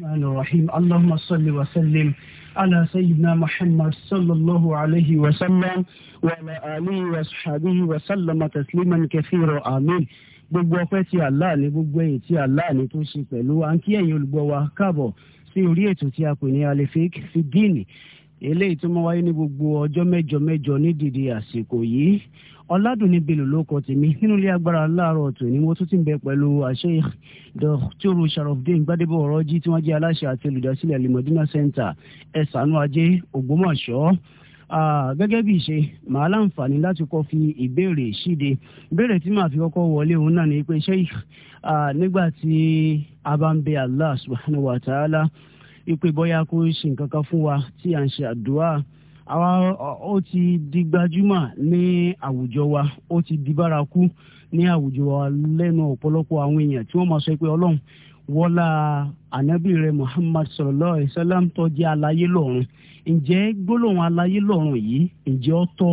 الرحمن الرحيم اللهم صل وسلم على سيدنا محمد صلى الله عليه وسلم وعلى آله وصحبه وسلم تسليما كثيرا آمين gbogbo ọpẹ́ tí Allah ni gbogbo èyí tí Allah ni tó ṣe pẹ̀lú àǹkí ẹ̀yin olùgbọ́ wa káàbọ̀ sí orí ètò tí a pè ní alefik fidini eléyìí tó máa wáyé ní gbogbo ọjọ́ mẹ́jọ mẹ́jọ ní dìde àsìkò yìí ọ̀làdùnní belò ló kọ tèmi nínú ilé agbára láàárọ̀ ọ̀tún ni mo tún ti ń bẹ pẹ̀lú àṣẹ dọ́kítọ́rù sharafdin gbadebo ọ̀rọ̀jì tí wọ́n jẹ́ aláṣẹ àti olùdásílẹ̀ limodina center ẹ̀sánú ajé ògbómọ̀ṣọ́ gẹ́gẹ́ bí ìṣe màá láǹfààní láti kọ́ fi ìbéèrè ṣíde ìbéèrè tí màá fi kọ́kọ́ wọlé òun náà ni pé ṣé nígbà tí a bá ń bẹ Allah subhanahu ipe bóyá kó ṣe nǹkan kan fún wa tí a ń ṣe àdúrà àwa ó ti di gbajúmọ̀ ní àwùjọ wa ó ti di bárakú ní àwùjọ wa lẹ́nu ọpọlọpọ àwọn èèyàn tí wọ́n máa sọ pé ọlọ́run wọ́lá ànábì rẹ̀ Muhammad sallallahu alayhi wa sallam tó jẹ́ aláyé lọ́run ǹjẹ́ gbólóhùn àlàyé lọ́run yìí ǹjẹ́ ó tọ́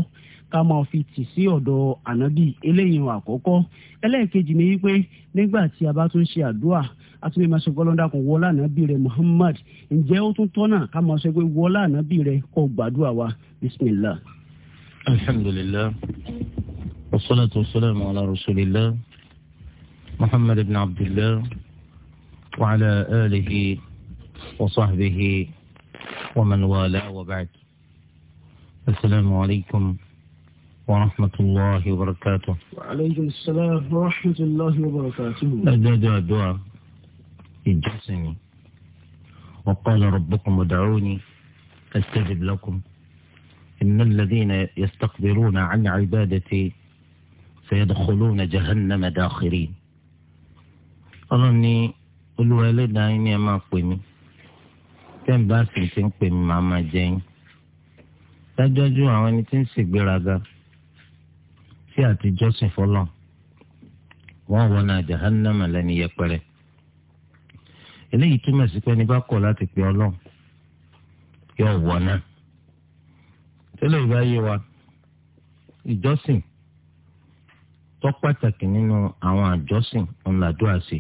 ká máa fi tì sí ọ̀dọ̀ ànábì eléyìí àkọ́kọ́ ẹlẹ́ẹ̀kejì ni wípé nígbà tí a bá tún ṣe àdúrà àtúbẹ̀ máa sọ fọlọ́dà kan wọlé ànábì rẹ Muhammad ǹjẹ́ ó tún tọ́nà ká máa sọ pé wọlé ànábì rẹ kó gbàdúrà wa bismillah. alhamdulillah wasalaatu wasalaamu ala rasulillah muhammad ibn abdillah wa ala alihi wa sahbihi wa man wala wa ba'd. asalaamu alaykum. ورحمة الله وبركاته وعليكم السلام ورحمة الله وبركاته أدعى الدعاء ìjọsìn ni wa qala rabbukum ud'uni astajib lakum innal ladhina yastakbiruna an ibadati sayadkhuluna jahannama dakhirin ọlọ́run ní olúwa ẹlẹ́dàá yín ni ẹ máa pè mí tẹ́ǹbà sì ti ń pè mí màá máa jẹ yín dájọ́jú àwọn ẹni tí ń ṣègbéraga sí àtijọ́sìn fọlọ́ wọ́n wọ́n náà jahannama lẹ́ni yẹpẹrẹ eléyìí túmọ̀ sí pé ẹni bá kọ̀ láti pe ọlọ́run yóò wọ̀ náà tẹ́lẹ̀ ìbá yé wa ìjọsìn tó pàtàkì nínú àwọn àjọsìn ọ̀làdúrà sí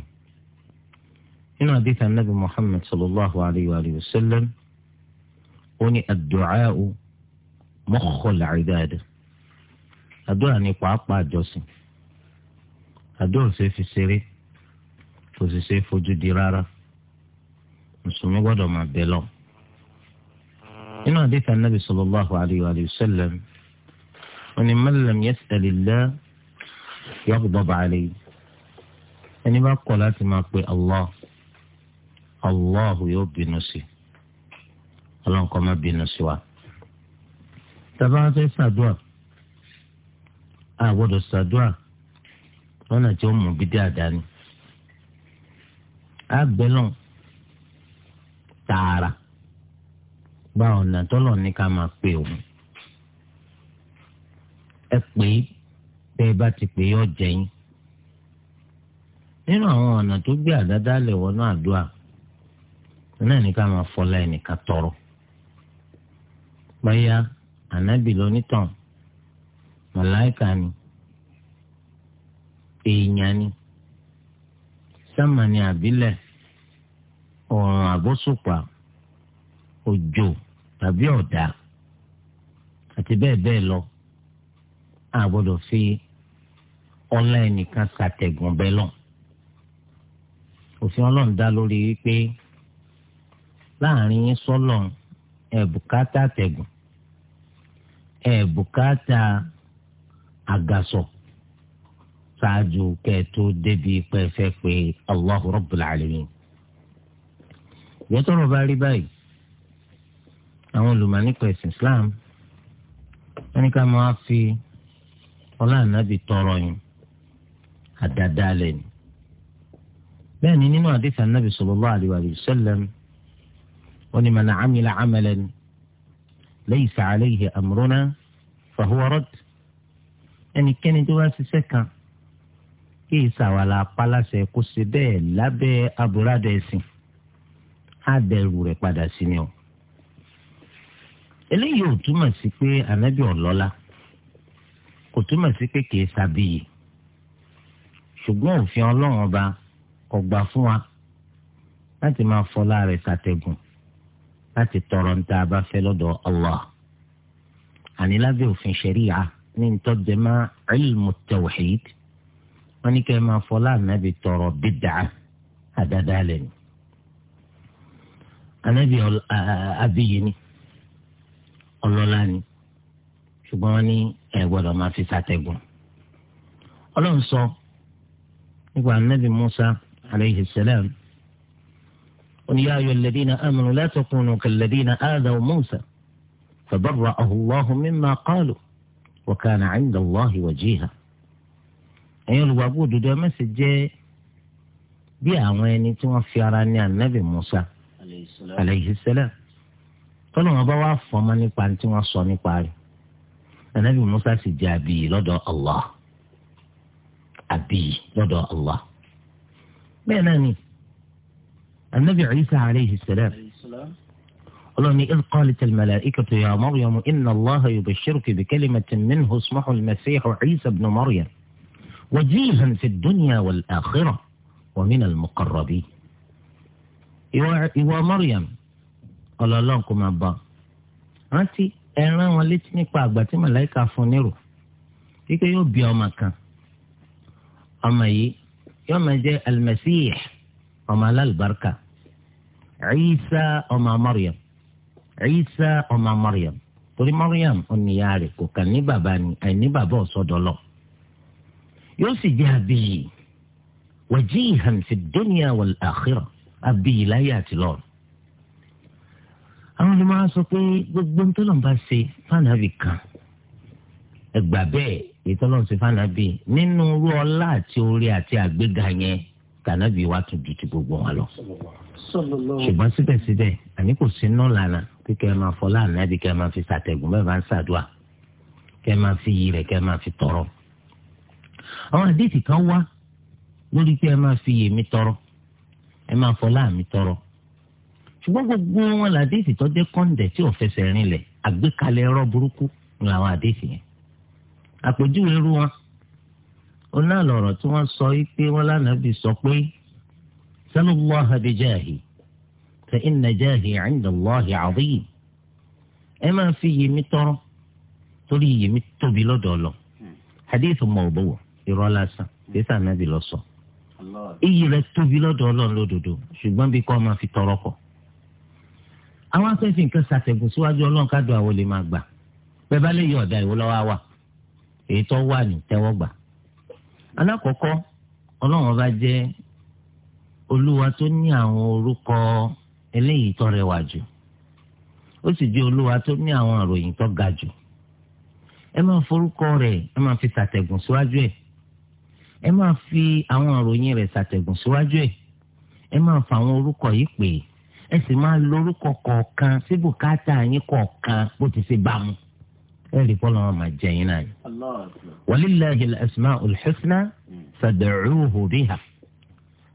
nínú àdìsá nàbì muhammed sallallahu alayhi wa sallam ó ní àdúrà ó mọ́kànlá ìdáàdà àdúrà ní pàápàá àjọsìn àdúrà ò ṣe fi ṣeré kò sì ṣe fojú di rárá mùsùlùmí gbọ́dọ̀ máa bẹ lọ. nínú àdéhùn anábì sallallahu alayhi wa sallam wọn ni man lam yas'alillah yaghdab alayhi ẹni bá kọ̀ láti máa pe allah allah yóò bínú sí ọlọ́nkọ́ má bínú sí wa. tàbá wọn fẹ́ ṣàdúrà a gbọ́dọ̀ ṣàdúrà lọ́nà tí ó mú bídí àdáni. a bẹ lọ́n tààrà gba ọ̀nà tọ́lọ̀ ní ká máa pè òun ẹ pè é bẹ́ ẹ bá ti pè é ọ̀jẹ̀ yín nínú àwọn ọ̀nà tó gbé àdáda lẹ̀ wọnú àdúrà náà ní ká máa fọlá ẹnìkan tọrọ báyà ànábì lónítàn màláìka ni èèyàn ni sámà ni àbílẹ̀ ọ̀ràn àbọ̀sùpà òjò tàbí ọ̀dà àti bẹ́ẹ̀ bẹ́ẹ̀ lọ a gbọ́dọ̀ fi ọlá ẹnìkan ṣàtẹ̀gùn bẹ́ẹ̀ lọ. òfin ọlọ́run dá lórí wípé láàrin yín sọ́lọ̀ ẹ̀ bùkátà tẹ̀gùn ẹ̀ bùkátà àgàsọ̀ ṣáájú kẹ́ẹ̀ débi pẹ́ẹ́fẹ́ pé Allahu Rabbul Alamin ìyẹn tọrọ bá rí báyìí àwọn olùmọ̀ nípa ẹ̀sìn Islam wọ́n ní ká máa fi ọlá ànábì tọrọ yìí àdáadáa alẹ́ ni bẹ́ẹ̀ ni nínú àdéhùn ànábì sallallahu alaihi wa sallam wọ́n ní man amila amalan laysa alayhi amruna fahuwa radd ẹnikẹ́ni tó bá ṣiṣẹ́ kan kí ìsàwàlà apá láṣẹ kó ṣe bẹ́ẹ̀ lábẹ́ àbúradà ẹ̀sìn á dẹrù rẹ̀ padà sí ni o. eléyìí ò túmọ̀ sí pé ànábì ọ̀lọ́lá kò túmọ̀ sí pé kìí sábìyì ṣùgbọ́n òfin ọlọ́run ọba kò gbà fún wa láti máa fọlá rẹ̀ ṣàtẹ̀gùn láti tọrọ níta bá fẹ́ lọ́dọ̀ Allah àní lábẹ́ òfin ṣẹ̀ríyà ní ntọ́jẹ́má ilmu tawhid wọ́n ní kẹ́ ẹ máa fọlá ànábì tọrọ bídà àdáadáa lẹ́nu anabi abiyi ni ọlọ́lá ni ṣùgbọ́n wọ́n ní ẹ gbọ́dọ̀ máa fi sàtẹ̀gùn ọlọ́run sọ nípa anabi musa alayhi salam oníyà ayọ̀ lẹ́dínà amanu la takunu kàlẹ́dínà ádáwò musa fabarra'ahu Allahu mimma qalu wa kana 'inda Allahi wajiha ẹ̀yin olùwàgbọ́ òdodo ẹ má ṣe jẹ́ bí àwọn ẹni tí wọ́n fi ara ní anabi musa. aleyhi sẹlẹ tọ́lá wọn bá wá fọmọ nípa tí wọ́n sọ nípa rẹ̀ anabi musa sì jẹ́ àbí lọ́dọ̀ allah àbí lọ́dọ̀ allah bẹ́ẹ̀ náà ni anabi isa aleyhi sẹlẹ ọlọ́ni ilqaali tẹlmẹlẹ ikatu ya mọ́ríyàmù iná allah yorùbá ṣírùkì bí kẹ́lẹ́mẹtì min husmahu mẹsíhù isa bin mọ́ríyàm ìhàn fi dúnìyà wàl àkírà wàmínà mọ́kàrọ̀bí. ìwọ Maryam ọlọ́lọ́n kò máa bá rántí ẹ rán wọn létí nípa àgbà tí màláìka fún nírò wípé yóò bí ọmọ kan ọmọ yìí yóò máa jẹ alimẹsíyẹ ọmọ alálùbáríkà Ìsá ọmọ Maryam Ìsá ọmọ Maryam torí Maryam oníyà rẹ̀ kò kàn ní bàbá ni àìní bàbá ọsọdọlọ yóò sì jẹ abiyì wàjíhàn fi dunya wal akhirah abiyi láyé àti lọ́run. àwọn olùmọ̀ á sọ pé gbogbo ntọ́lọ́n bá ṣe fànàbì kan ẹgbà bẹ́ẹ̀ ìtọ́lọ́n ṣe fànàbì nínú orú ọlá àti orí àti àgbéga yẹn tànàbì wa tún ju ti gbogbo wọn lọ. ṣùgbọ́n síbẹ̀síbẹ̀ àní kò sí náà lànà pé kẹ́ ẹ máa fọlá ànábì kẹ́ ẹ máa fi ṣàtẹ̀gùn bẹ́ẹ̀ máa ń ṣàdúà kẹ́ ẹ máa fi iyì rẹ̀ kẹ́ ẹ máa fi tọrọ. àwọn àdéhìí kan wá lórí pé ẹ máa fi iyì mi tọrọ. ẹ máa fọlá mi tọrọ ṣùgbọ́n gbogbo wọn làdéhìí tó jẹ́ kọ́ńdẹ̀ tí ò fẹsẹ̀ rinlẹ̀ àgbékalẹ̀ ẹ̀rọ burúkú ni àwọn àdéhìí yẹn àpèjúwe irú wọn oná lọ̀rọ̀ tí wọ́n sọ yìí pé wọ́n lánàá bí sọ pé sallallahu bi jahi inna 'inda Allahi ẹ máa fi yèmí tọrọ torí yèmí tóbi hadith lásán kí iyì rẹ̀ tóbi lọ́dọ̀ Ọlọ́run lódodo ṣùgbọ́n bí kò máa fi tọrọ kọ àwọn afẹ́fẹ́ nǹkan ṣàtẹ̀gùn síwájú Ọlọ́run kádùn àwọn olè máa gbà bẹ́ẹ̀ bá lè yọ ọ̀dà ìwọ lọ́wọ́ wa èyí tó wà ní tẹ́wọ́ gbà alákọ̀ọ́kọ́ Ọlọ́run ọba jẹ́ olúwa tó ní àwọn orúkọ eléyìí tó rẹwà jù ó sì jẹ́ olúwa tó ní àwọn àròyìn tó ga jù ẹ máa forúkọ rẹ̀ ẹ máa fi ṣàtẹ̀gùn síwájú ẹ̀ ẹ máa fi àwọn àròyìn rẹ̀ ṣàtẹ̀gùn síwájú ẹ̀ ẹ máa fa àwọn orúkọ yìí pè é ẹ sì máa lo orúkọ kọ̀ọ̀kan sí bùkátà yín kọ̀ọ̀kan bó ti ṣe bá mu ẹ rí bọ́ọ̀lù wọn máa jẹ yín náà ni. walillahi al-asma'ul husna fad'uhu biha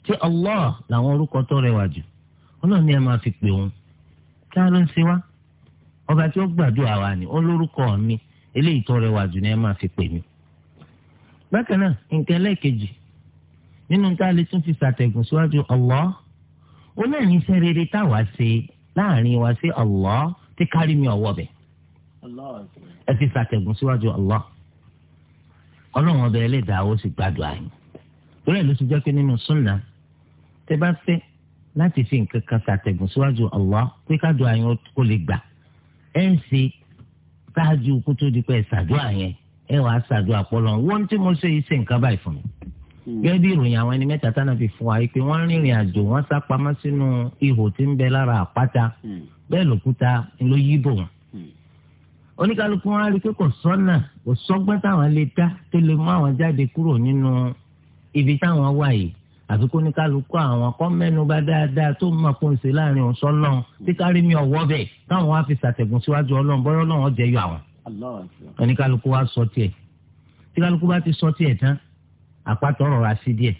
tí Allah làwọn orúkọ tó rẹwà jù ọlọ́ọ̀ni ẹ máa fi pè wọn kí á ló ń ṣe wá ọba tí ó gbàdúrà wa ni ó lórúkọ mi eléyìí tó rẹwà jù ni ẹ máa fi pè mí bákan náà nǹkan ẹlẹ́ẹ̀kejì nínú tá a lè tún fi ṣàtẹ̀gùn síwájú Allah ó náà ní iṣẹ́ rere táwa ṣe láàrin wa sí Allah tí kárí mi ọ̀wọ́ bẹ̀ ẹ fi ṣàtẹ̀gùn síwájú Allah ọlọ́run ọbẹ̀ ẹlẹ́dàá ó sì gbàdúrà yín torí ẹ̀ ló ti jẹ́ pé nínú súnà tẹ́ bá fẹ́ láti fi nǹkan kan ṣàtẹ̀gùn síwájú Allah pé kádùn àyàn ó lè gbà ẹ̀ ń ṣe ṣáájú kó tó di pé ẹ̀ ṣàdúrà yẹn ẹ wàá ṣàdúrà pọlọ wọn tí mo ṣe iṣẹ́ nǹkan báyìí fún mi. Hmm. gẹ́gẹ́ bí ìròyìn àwọn ẹni mẹ́ta tánà fi fún wa pé wọ́n rìnrìn àjò wọ́n sá pamọ́ sínú ihò tí ń bẹ lára àpáta hmm. bẹ́ẹ̀ lòkúta ló yí bò wọ́n. Hmm. oníkálukú wọn á rí i pé kò sọ́nà kò sọ́gbọ́n táwọn lè dá tó lè mú àwọn jáde kúrò nínú ibi táwọn wà yìí àfi kó oníkálukú àwọn kọ́ mẹ́nu bá dáadáa tó mọ̀ kó ń ṣe láàrin ọ̀sán náà oníkálukú wa sọ tiẹ̀ tí kálukú bá ti sọ tiẹ̀ tán àpàtọ rọra sí díẹ̀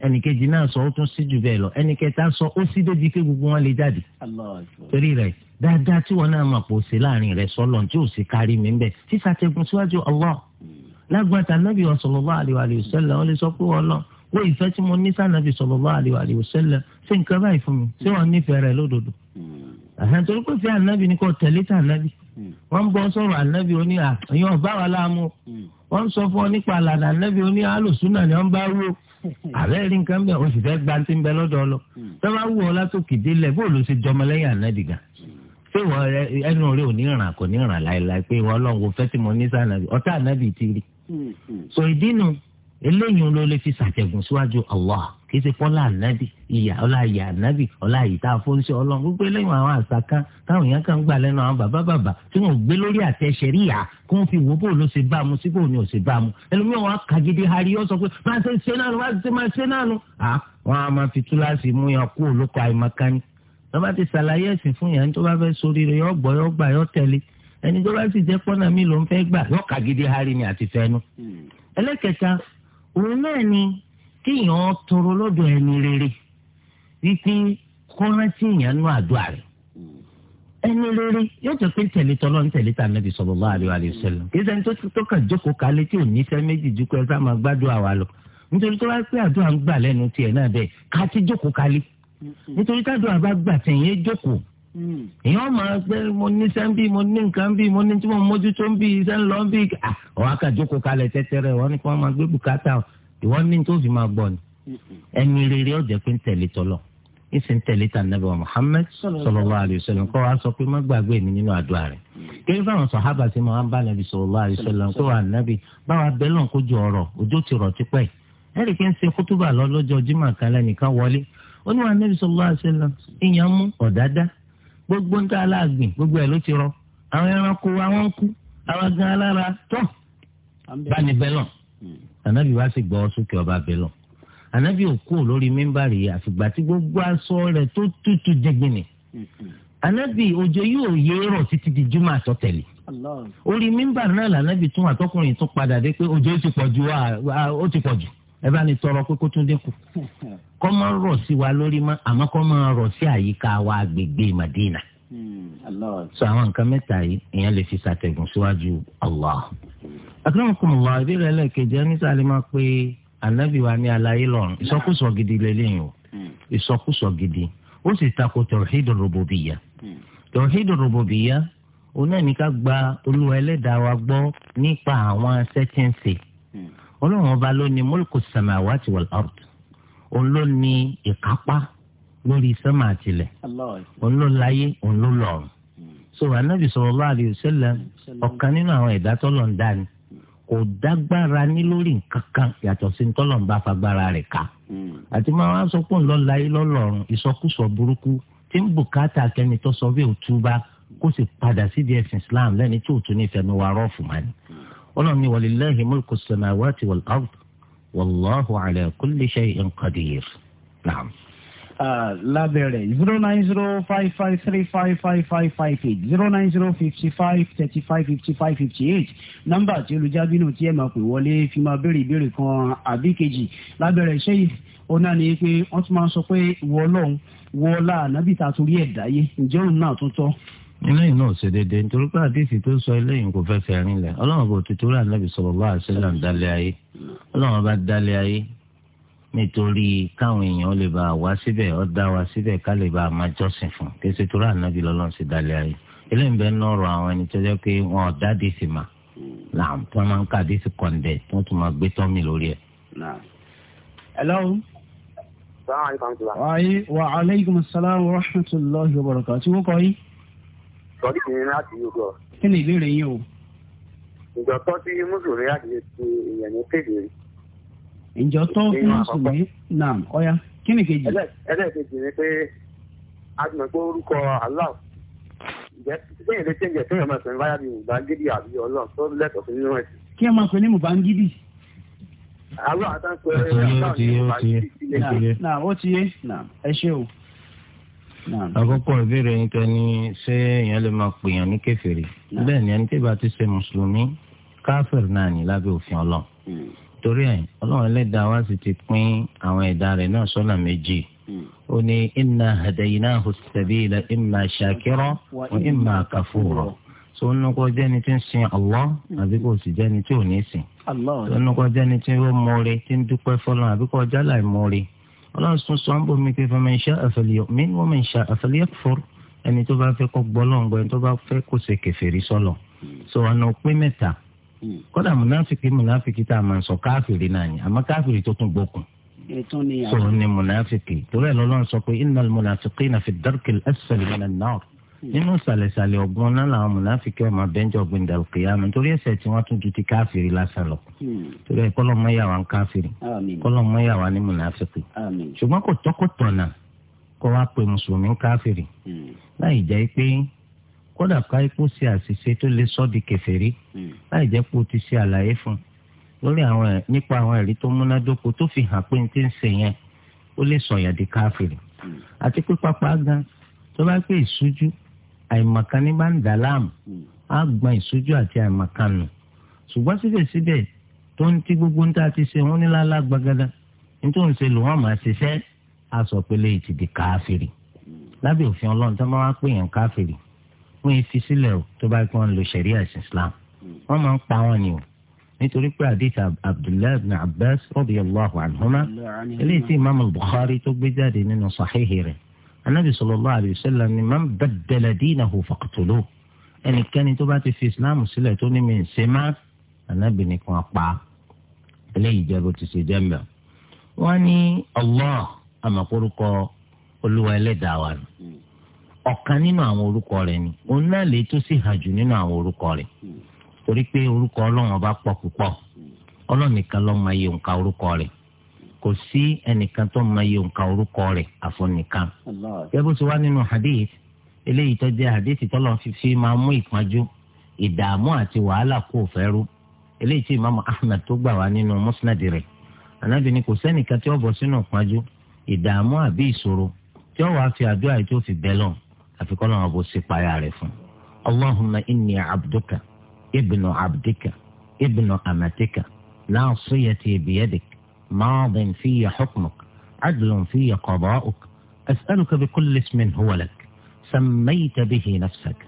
ẹnìkejì náà sọ ó tún sí jù bẹ́ẹ̀ lọ ẹnìkẹta sọ ó sí débi pé gbogbo wọn lè jáde torí rẹ̀ dáadáa tí wọn náà mọ̀ pò sí láàrin rẹ̀ sọlọ tí ò sí kárí mi bẹ tí sàtẹkùn síwájú Allah lágbàtà nàbì sallallahu alaihi wa sallam ó lè sọ pé wọn lọ pé ìfẹ́ tí mo ní sànàbì sallallahu alaihi wa sallam ṣé nǹkan báyìí fún mi ṣé wọn nífẹ̀ẹ́ rẹ̀ lódodo àhẹn hmm. torí pé fẹ́ ànábì ni kò tẹ̀lé tànábì wọ́n ń bọ́ sọ̀rọ̀ ànábì oní à ẹ̀yin ọ̀bá wa láàmú wọ́n ń sọ fún ọ nípa àlànà ànábì oní àlòsúnà ni wọ́n bá wúro àbẹ́ rí nǹkan bẹ́ẹ̀ o sì fẹ́ gba ti ń bẹ lọ́dọ̀ lọ hmm. tó bá wù ọ látòkè délẹ̀ bó ló ṣe jọmọ lẹ́yìn ànábì gan pé wọ́n ẹnu rẹ ò ní ràn kò ní ràn láéláé pé wọ́n lọ́n wo fẹ́ tí mo ní sànàbì ọ̀tá ànábì ti rí hmm, hmm. so ìdí nu eléyìí ló lè fi ṣàtẹ̀gùn síwájú Allah kì í ṣe fọlá ànábì ìyá ọlá ìyá ànábì ọlá ìyá àfọwọ́sẹ ọlọ́run gbogbo eléyìí àwọn àṣà kan táwọn èèyàn kan gbà lẹ́nu àwọn bàbá bàbá tí wọ́n gbé lórí àtẹ ṣẹ̀ríyà kí wọ́n fi wò bó ló ṣe bá mu sí bó ni ò ṣe bá mu ẹlòmíràn wọn kàgídí hari ó sọ pé máa ṣe ṣe náà wá ṣe máa ṣe náà nù. wọn a máa fi túláàsì mú yan kú olóko àìmọ̀kánì lọ́ba ti ṣàlàyé ẹ̀sìn fún yàn tó bá fẹ́ sórí rẹ̀ yọ gbọ́ yọ gbà yọ tẹ̀lé ẹni tó bá sì jẹ́ pọ́nà mi ló ń fẹ́ gbà yọ kàgídí hari ni àti fẹ́nu. Hmm. ẹlẹ́kẹta òun náà ni kéèyàn tọrọ lọ́dọ̀ ẹni rere wípé kó rántí èèyàn nú àdúrà rẹ̀ ẹni rere yóò jẹ́ pé tẹ̀lé tọ́lọ́ ń tẹ̀lé tà nàbì sallallahu alaihi wasallam kí sẹ́ni tó tó kàn jókòó kalẹ̀ tí ò ní sẹ́ méjì ju pé ẹ̀sán máa gbàdúrà wa lọ nítorí tó bá pé àdúrà ń gbà lẹ́nu tiẹ̀ náà bẹ́ẹ̀ ká ti jókòó kalẹ̀ nítorí tádùn àbá gbà tẹ̀yìn jókòó èèyàn máa pé mo ní sẹ́ńbì mo ní nǹkan bí mo ní tí mo mójútó ń bí iṣẹ́ ọ̀hún àkàjókòó kalẹ̀ tẹ́tẹ́rẹ́ wọn ni kí wọ́n máa gbé bùkátà ìwọ ní tó fi máa gbọ́ ni ẹni rere ọ̀jẹ̀ pé ń tẹ̀lé tọ́lọ̀ ń tẹ̀lé tà nàbẹ̀ wa Muhammad sallallahu alaihi wasallam kọ́ wa sọ pé má gbàgbé mi nínú àdúrà rẹ̀ mm. kí n fáwọn sọ̀hábà sí máa ń bá nàbì sallallahu alaihi wasallam pé wà nàbì báwa bẹ́ẹ̀ lọ́n kójú ọ̀rọ̀ òjò ti rọ̀ tipẹ́ ẹ̀rì kí n ṣe kútúbà lọ lọ́jọ́ jimá kan lẹ́nìkan wọlé ó ní wa nàbì sallallahu alaihi wasallam ìyàn mú ọ̀dádá gbogbo ń tá aláàgbìn gbogbo ẹ̀ ló ti rọ àwọn ẹranko ànábì wá sì gbọ́ sókè ọba bẹ́lọ̀ ànábì ò kú lórí mímbàrí àfìgbà tí gbogbo aṣọ rẹ̀ tó tútù jẹgbìnì ànábì òjò yóò yé rọ̀ títí di júmọ̀ àtọ́tẹ̀lẹ̀ orí mímbàrí náà lànábì tún àtọkùnrin tún padà dé pé òjò ti pọ̀ jù ó ti pọ̀ jù ẹ bá ní tọrọ pé kó tún dínkù kọ́ máa ń rọ̀ sí wa lórí mọ́ àmọ́ kọ́ máa rọ̀ sí àyíká wa agbègbè Madina hmm, so àwọn nǹkan mẹ́ta yìí ìyẹn lè fi ṣàtẹ̀gùn síwájú Allah akramakumullah ìbéèrè ẹlẹ́ẹ̀kejì ẹni tá a lè máa pe ànábì wa ní alayé lọ́rùn ìsọkúsọ gidi lélẹ́yìn o hmm. ìsọkúsọ gidi ó sì takò tawhidur rububiyyah hmm. tawhidur rububiyyah onáàní ká gba olúwa ẹlẹ́dàá wa gbọ́ nípa àwọn sẹ́tíǹsì hmm. ọlọ́run ọba ló ní mulku samawati wal ard òun ló ní ìkápá lórí sẹ́mà àtìlẹ̀ òun ló so anabi sallallahu alayhi wa sallam ọ̀kan nínú àwọn ẹ̀dá tọ́lọ̀ ni kò dágbára ní lórí nǹkan kan yàtọ̀ sí ntọ́lọ́n bá fagbára rẹ̀ ká. Hmm. àti máa wá sọ pé ńlọ láyé lọ́lọ́run ìsọkúsọ burúkú tí ń bùkátà kẹni tó sọ bí òtúbá kó sì padà sídìí ẹ̀sìn Islam lẹ́ni tí òtún ní ìfẹ́nu wa rọ́ọ̀fù máa ní. Hmm. ọlọ́run ní walillahi mulku samawati wal ard wallahu ala kulli shay'in qadir. naam lábẹ́rẹ̀ zero nine zero five five three five five five five eight zero nine zero fifty five thirty five fifty five fifty eight nọ́mbà tí olùjábínú tí ẹ máa pè wọlé fi máa béèrè ìbéèrè kan àbí kejì lábẹ́rẹ̀ ṣé ọ̀nà ni pé wọ́n tún máa ń sọ pé wọ ọlọ́run wọ ọlá ànábì ta torí ẹ̀ dáyé ǹjẹ́ òun náà tún tọ́. eléyìí náà ṣe déédéé nítorí pé àdéhìí tó sọ eléyìí kò fẹ́ fẹ́ rinlẹ̀ ọlọ́run bò tuntun rà nábì sallallahu alaihi wasallam dálé ayé ọlọ́run bá nítorí káwọn èèyàn lè bá wá síbẹ̀ ó dá wa síbẹ̀ ká lè bá a máa jọ́sìn fún kése tó rà nábì lọ́lọ́ sí dalẹ̀ ayé eléyìí bẹ́ẹ̀ nọ̀rọ̀ àwọn ẹni tó jẹ́ pé wọn ọ̀dá dì sí ma máa ń kà dì kọ̀ǹdẹ̀ tó tún máa gbé tọ́mì lórí ẹ̀. hello. wàyí wa aleykum salaam wa rahmatulahi wa barakatuh tí wọ́n kọ́ yìí. sọ́ọ́dí kì í láti yóò gbọ́. kí ni ìbéèrè yín o. ìjọ tó ti mùsùlùmí láti ǹjẹ́ tọ́ fún mùsùlùmí náà ọ̀yá kí ni kejì. ẹlẹ́ẹ̀kejì ni pé a ti mọ̀ pé orúkọ Allah ǹjẹ́ sẹ́yìn lè ṣèǹjẹ́ sẹ́yìn ọmọ ìsìn báyà ní mùbángídì àbí ọlọ́run tó lẹ́tọ̀ọ́ sí nínú ẹ̀sìn. kí ẹ máa pè ní mùbángídì. Allah àtàkùn ẹ̀rọ ó ti yé ẹ ṣe o. àkọ́kọ́ ìbéèrè yín kan ní ṣé èèyàn lè máa pèèyàn ní kèfèrí bẹ́ẹ̀ ni ẹni tí ìbá ti ṣe mùsùlùmí káfíìrì náà ní lábẹ́ torí ẹ̀ ọlọ́run ẹlẹ́dàá wa sì ti pín àwọn ẹ̀dá rẹ̀ náà sọ́nà méjì hmm. ó ní inna hadaynahu as-sabila imma shakira wa imma kafura tó ń nukọ jẹ́ni tí ń sin Allah hmm. àbí kò sì jẹ́ni tí ò ní sìn tó ń nukọ jẹ́ni tí ó mọre tí ń dúpẹ́ fọlọ àbí kò jálà ìmọre Ọlọ́run sún sọ ń bò mí pé faman sha'a falyu'min wa man sha'a falyakfur ẹni tó bá fẹ́ kó gbọlọǹgbọ ẹni tó bá fẹ́ kó ṣe kèfèrí sọlọ sọ wọn ò mẹ́ta kódà mùnáfìkì mùnáfìkì tá a máa sọ káfìrí náà ni àmọ́ káfìrí tó tún gbókun sọ̀rọ̀ ni mùnáfìkì torí ẹ̀ lọ́lọ́run sọ pé innal munafiqina fi darkil asfali minan nar hmm. nínú sàlẹ̀sàlẹ̀ ọ̀gbun náà làwọn mùnáfìkì ọmọ abẹ́ńjọ́ ọ̀gbìn dàlùkìyàmù torí ẹ̀ṣẹ̀ tí wọ́n tún ju ti káfìrí lásán lọ hmm. torí ẹ̀ kọ́lọ́mọ yà wá ń káfìrí kọ́lọ́mọ yà wá ní mùnáfìkì ṣùgbọ́n kò tọ́kọ̀tọ̀ náà kọ́ wá pé mùsùlùmí ń káfìrí hmm. láì jẹ́ pé kódà káyé kó ṣe àṣìṣe tó lè sọ di kèfèrí hmm. láì jẹ́ kó o ti ṣe àlàyé fún un lórí àwọn nípa àwọn ẹ̀rí tó múnádóko tó fi hàn pé n ti ń ṣe yẹn ó lè sọ̀yàn di káfíìrì hmm. àti pé pápá gan tó bá pé ìṣújú àìmọ̀kan ní bá ń dà láàmú á hmm. gbọn ìṣújú àti àìmọ̀kan nù ṣùgbọ́n síbẹ̀síbẹ̀ tó ń tí gbogbo ń tá ti ṣe wọn nílá lágbàgádá ní tó ń ṣe lò wọ́n máa ṣiṣẹ́ á sọ pé lè ti di káfíìrì lábẹ́ òfin ọlọ́run tó máa wá pè yàn káfíìrì wọn fi sílẹ̀ o tó bá gbọ́n lo sẹ̀ríà islam wọ́n máa ń pa wọn ni o nítorí pé àdìs abdullahi ibn abbas radiyallahu anhuma eléyìí tí imaamu bukhari tó gbé jáde nínú sàhíhì rẹ̀ anabi sallallahu alayhi wa sallam ni man baddala dinahu faqtuluhu ẹnikẹ́ni tó bá ti fi islam sílẹ̀ tó ní mi ṣe má anabi nìkan pa eléyìí jẹ́ bó ti ṣe jẹ́ mbẹ́ wọ́n ní allah amakorúkọ olúwa ẹlẹ́dàá wa ni. ọ̀kan nínú àwọn orúkọ rẹ̀ ni òun náà lè tó sì nínú àwọn orúkọ rẹ̀ torí pé orúkọ ọlọ́run ọba pọ̀ púpọ̀ ọlọ́run nìkan lọ́ọ́ máa iye òǹkà orúkọ rẹ̀ kò sí ẹnìkan tó máa òǹkà orúkọ rẹ̀ àfọ̀nìkan. yẹ́bù tí wá nínú hadith eléyìí tó jẹ́ hadith fífi máa mú ìdààmú àti wàhálà kó o fẹ́ àfikún náà bó ṣe payá rẹ̀ fún. allahumma inni abduka ibnu abdika ibnu amatika naasiyati biyadik maadin fiya xukmuk cadlun fiya qadaa'uk as'aluka bikulli ismin huwa lak sammayta bihi nafsak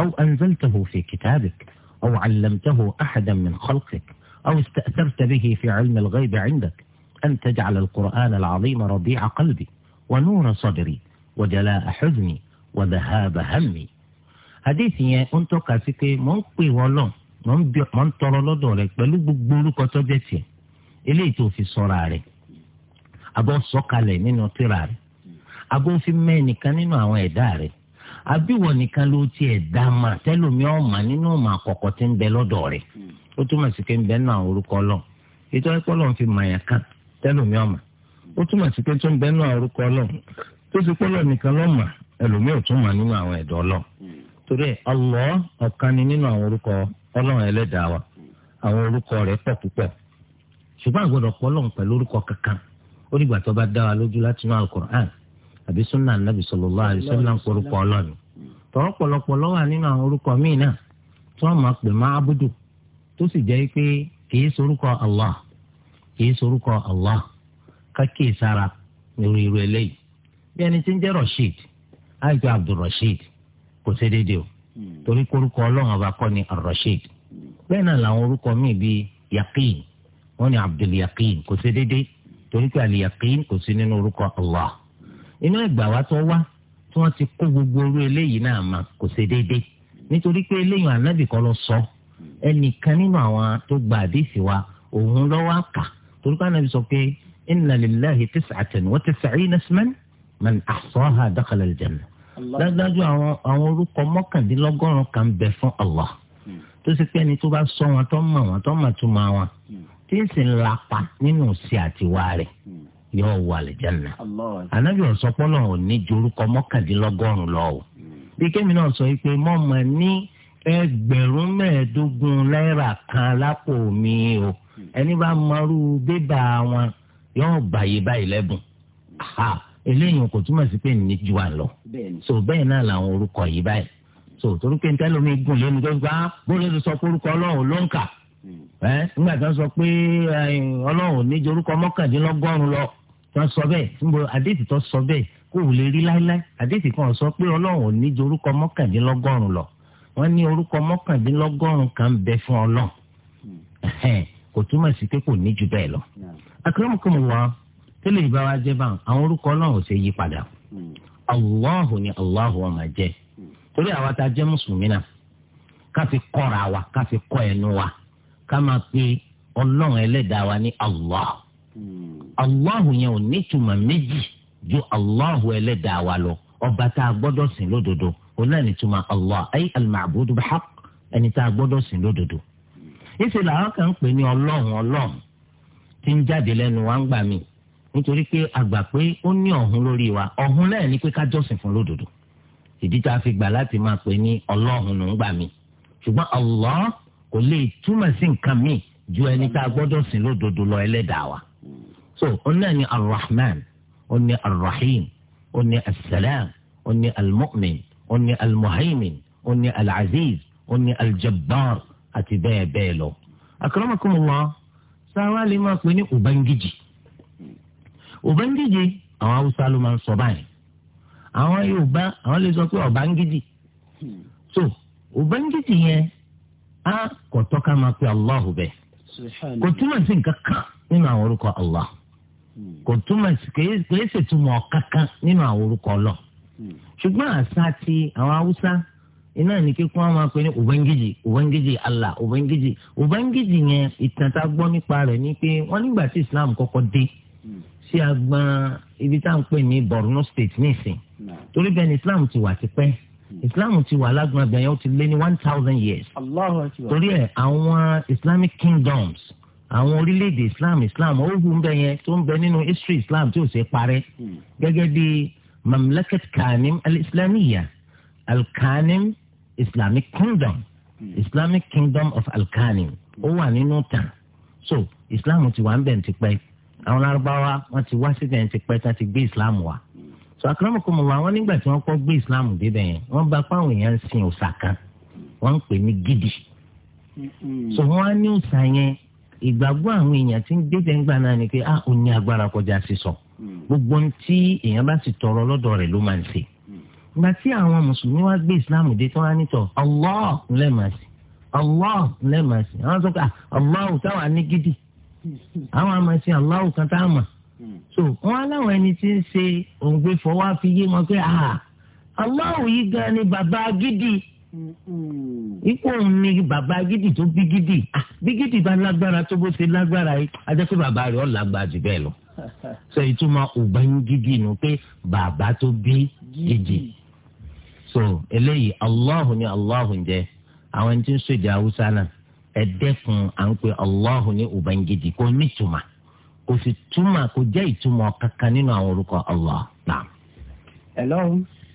aw anzaltahu fi kitaabik aw أو علمته أحدا من خلقك أو استأثرت به في علم الغيب عندك أن تجعل القرآن qalbi wa nuura ونور wa وجلاء حزني wàdàhàbà hàmì yẹn ń tọ́ka sí pé mò ń pè wọ́n lọ tọrọ lọ́dọ̀ pẹ̀lú gbogbo orúkọ tó jẹ́ tiẹ̀ eléyìí tó fi sọ́ra rẹ̀ abọ́ sọ́kalẹ̀ nínú tírà rẹ̀ abọ́ fi mẹ́ẹ̀nìkan nínú àwọn ẹ̀dá rẹ̀ nìkan ma tẹ́lómi nínú ọ̀ma àkọ́kọ́ tí ń bẹ lọ́dọ̀ rẹ̀ ó túmọ̀ sí pé ń bẹ náà kan tẹ́lómi ó túmọ̀ sí pé tó ń bẹ náà orúkọ lọ tó ẹlòmíràn tún wà nínú àwọn ẹ̀dọ́ lọ. torí Allah ọ̀kan ni nínú àwọn orúkọ ọlọ́run ẹlẹ́dàá wa àwọn orúkọ rẹ̀ pọ̀ púpọ̀ ṣùgbọ́n àgbọ̀dọ̀ pọ̀ lọ́n pẹ̀lú orúkọ kankan ó dìgbà tó bá dá wa lójú láti inú alukur'an àbí sunna anabi sallallahu alaihi wasallam orúkọ ọlọ́run tọ́wọ́ pọ̀lọpọ̀ ló wà nínú àwọn orúkọ míì náà tí máa pè má abudu tó sì pé kìí sorúkọ Allah kìí sorúkọ Allah kákìí sára àìjọ abdulrasheed kò ṣe déédéé o hmm. torí korúkọ ọlọ́run ọba kọ́ ni arasheed hmm. bẹ́ẹ̀ náà làwọn orúkọ míì bíi yaqeen wọ́n ní abdulyaqeen kò ṣe déédéé torí pé aliyaqeen kò sí nínú orúkọ allah inú ẹgbàá wa tó wá tí wọ́n ti kó gbogbo orú eléyìí náà mà kò ṣe déédéé nítorí pé eléyìí ànábì kọ́ ló sọ ẹnìkan nínú àwọn tó gba àdéhìí wa òun lọ́wọ́ àkà torí pé sọ pé inna lillahi tis'atan wa tis'ina isman man ahsaha dakhala al-jannah dájúdájú àwọn àwọn orúkọ mọ́kàndínlọ́gọ́rùn kan bẹ fún Allah hmm. tó sì pé ẹni tó bá sọ wọn tó mọ̀ wọn tó mọ̀ tó mọ̀ wọn hmm. tí ń sì ń lapa nínú òsì àtiwá rẹ̀ hmm. yóò wà lẹ́jẹ̀nà. ànábì ọ̀sọ́pọ̀lọ̀ ò ní ju orúkọ mọ́kàndínlọ́gọ́rùn lọ o. bí kémi náà sọ pé mọ́ mọ́ ní ẹgbẹ̀rún mẹ́ẹ̀ẹ́dógún náírà kan lápò mi o ẹni bá mọrú bébà wọn yóò bàyè báyìí lẹ́bùn eléyìí kò túmọ̀ sí pé ní wa lọ so bẹ́ẹ̀ náà làwọn orúkọ yìí báyìí so torí pé nítorí omi gùn lẹ́nu tó ń gbà bóyá ló sọ pé orúkọ ọlọ́run ló ń kà hmm. ẹ́ nígbà tó ń sọ pé ọlọ́run níjọ orúkọ mọ́kàndínlọ́gọ́rùn lọ tó ń sọ bẹ́ẹ̀ níbo àdéhìí tó sọ bẹ́ẹ̀ kó wù lè rí láíláí àdéhìí kan sọ pé ọlọ́run níjọ orúkọ mọ́kàndínlọ́gọ́rùn tẹ́lẹ̀ ìbá wa jẹ́ báwọn àwọn orúkọ náà ò ṣe yí padà hmm. allahu ni allahu wa máa jẹ́ hmm. torí àwa ta jẹ́ mùsùlùmí náà ká fi kọ́ra wa ká fi kọ́ ẹnu wa ká máa pe ọlọ́run ẹlẹ́dàá wa ní allah hmm. allahu yẹn ò nítumọ̀ méjì ju allahu ẹlẹ́dàá wa lọ ọba tá a gbọ́dọ̀ sìn lódodo òun náà nítumọ̀ allah ayé al-ma'budu ẹni tá a gbọ́dọ̀ sìn lódodo ìṣèlú àwọn kan pè ní ọlọ́run ọlọ́run tí ń jáde lẹ́nu wa ń gbà míì nítorí pé a gbà pé ó ní ọ̀hún lórí wa ọ̀hún náà ni pé ká jọ́sìn fún lódodo ìdí tá a fi gbà láti máa pè ní ọlọ́hun ló ń gbà mí ṣùgbọ́n Allah kò lè túmọ̀ sí nǹkan míì ju ẹni tá a gbọ́dọ̀ sìn lódodo lọ ẹlẹ́dàá wa so òun náà ni arrahman òun ni arrahim òun ni asalaam òun ni almu'min òun ni almuhaimin òun ni alaziz òun ni aljabbar àti bẹ́ẹ̀ bẹ́ẹ̀ lọ. akramakumullah sáwá lè máa pè ní ubangiji òbángídì àwọn haúsá ló máa ń sọ báyìí àwọn yorùbá àwọn lè sọ pé so òbángídì yẹn á kò tọ́ka máa pe allah bẹ́ẹ̀ kò túmọ̀ sí nǹkan kan nínú àwọn orúkọ allah hmm. kò túmọ̀ sí kìí ṣètúmọ̀ kankan nínú àwọn orúkọ lọ hmm. ṣùgbọ́n àṣà ti àwọn haúsá iná ní máa pe ní allah islam kọ́kọ́ dé hmm. sí agbọn ibi tá à ń pè ní Borno state nísìn torí bẹ́ẹ̀ ni Islam ti wà tipẹ́ hmm. Islam ti wà lágbọn abẹ́yẹn ó ti lé ní one thousand years torí ẹ̀ àwọn Islamic kingdoms àwọn orílẹ̀-èdè Islam Islam ó wù ń bẹ yẹn tó ń bẹ nínú history Islam tí ò ṣe parẹ́ hmm. gẹ́gẹ́ bí Mamlakat Kanim al-Islamiyya Islamic Kingdom hmm. Islamic Kingdom of alkanim kanim ó wà nínú tàn so Islam ti wà ń bẹ̀ ń tipẹ́ àwọn lárúbáwá wọn ti wá sí tẹ̀yìn tipẹ́ tá ti gbé islam wá sọ akramakumullah wọn nígbà tí wọn kọ́ gbé islam débẹ̀ yẹn wọn bá fáwọn èèyàn ń sin òòṣà kan wọn ń pè ní gidi sọ wọn á ní òòṣà yẹn ìgbàgbọ́ àwọn èèyàn tí ń gbé tẹ̀ǹgbà náà ni pé a ah, ò ní agbára kọjá sísọ gbogbo ohun tí èèyàn bá sì tọrọ lọ́dọ̀ rẹ̀ ló máa ń ṣe ìgbà tí àwọn mùsùlùmí wá gbé islam dé tí wọn á nítọ Allah lẹ́ẹ̀mà sí Allah lẹ́ẹ̀mà sí àwọn ah, Allah táwa ní àwọn àmọ̀ sí aláwọ̀ kan tá a mọ̀ hmm. so wọn aláwọ̀ ẹni tí ń ṣe òǹgbẹ fọwọ́ fi yé wọn pé ah, aláwọ̀ yìí gan ni bàbá gidi hmm. ipò òun ni bàbá gidi tó bí gidi ah, bí gidi bá lágbára tó bó ṣe lágbára yìí ajá pé bàbá rẹ̀ ọ̀ lágbára jù bẹ́ẹ̀ lọ so ìtumọ̀ ògbẹ́ngígì nù pé bàbá tó bí gidi so eléyìí aláwọ̀ ni aláwọ̀ ń jẹ àwọn ẹni tí ń ṣèjì haúsá náà ẹ̀dẹ́kun à ń pe Allahu ní ubangiji kò ní ìtumà kò sì túmà kò jẹ́ ìtumọ̀ kankan nínú àwọn orúkọ Allah náà. hello.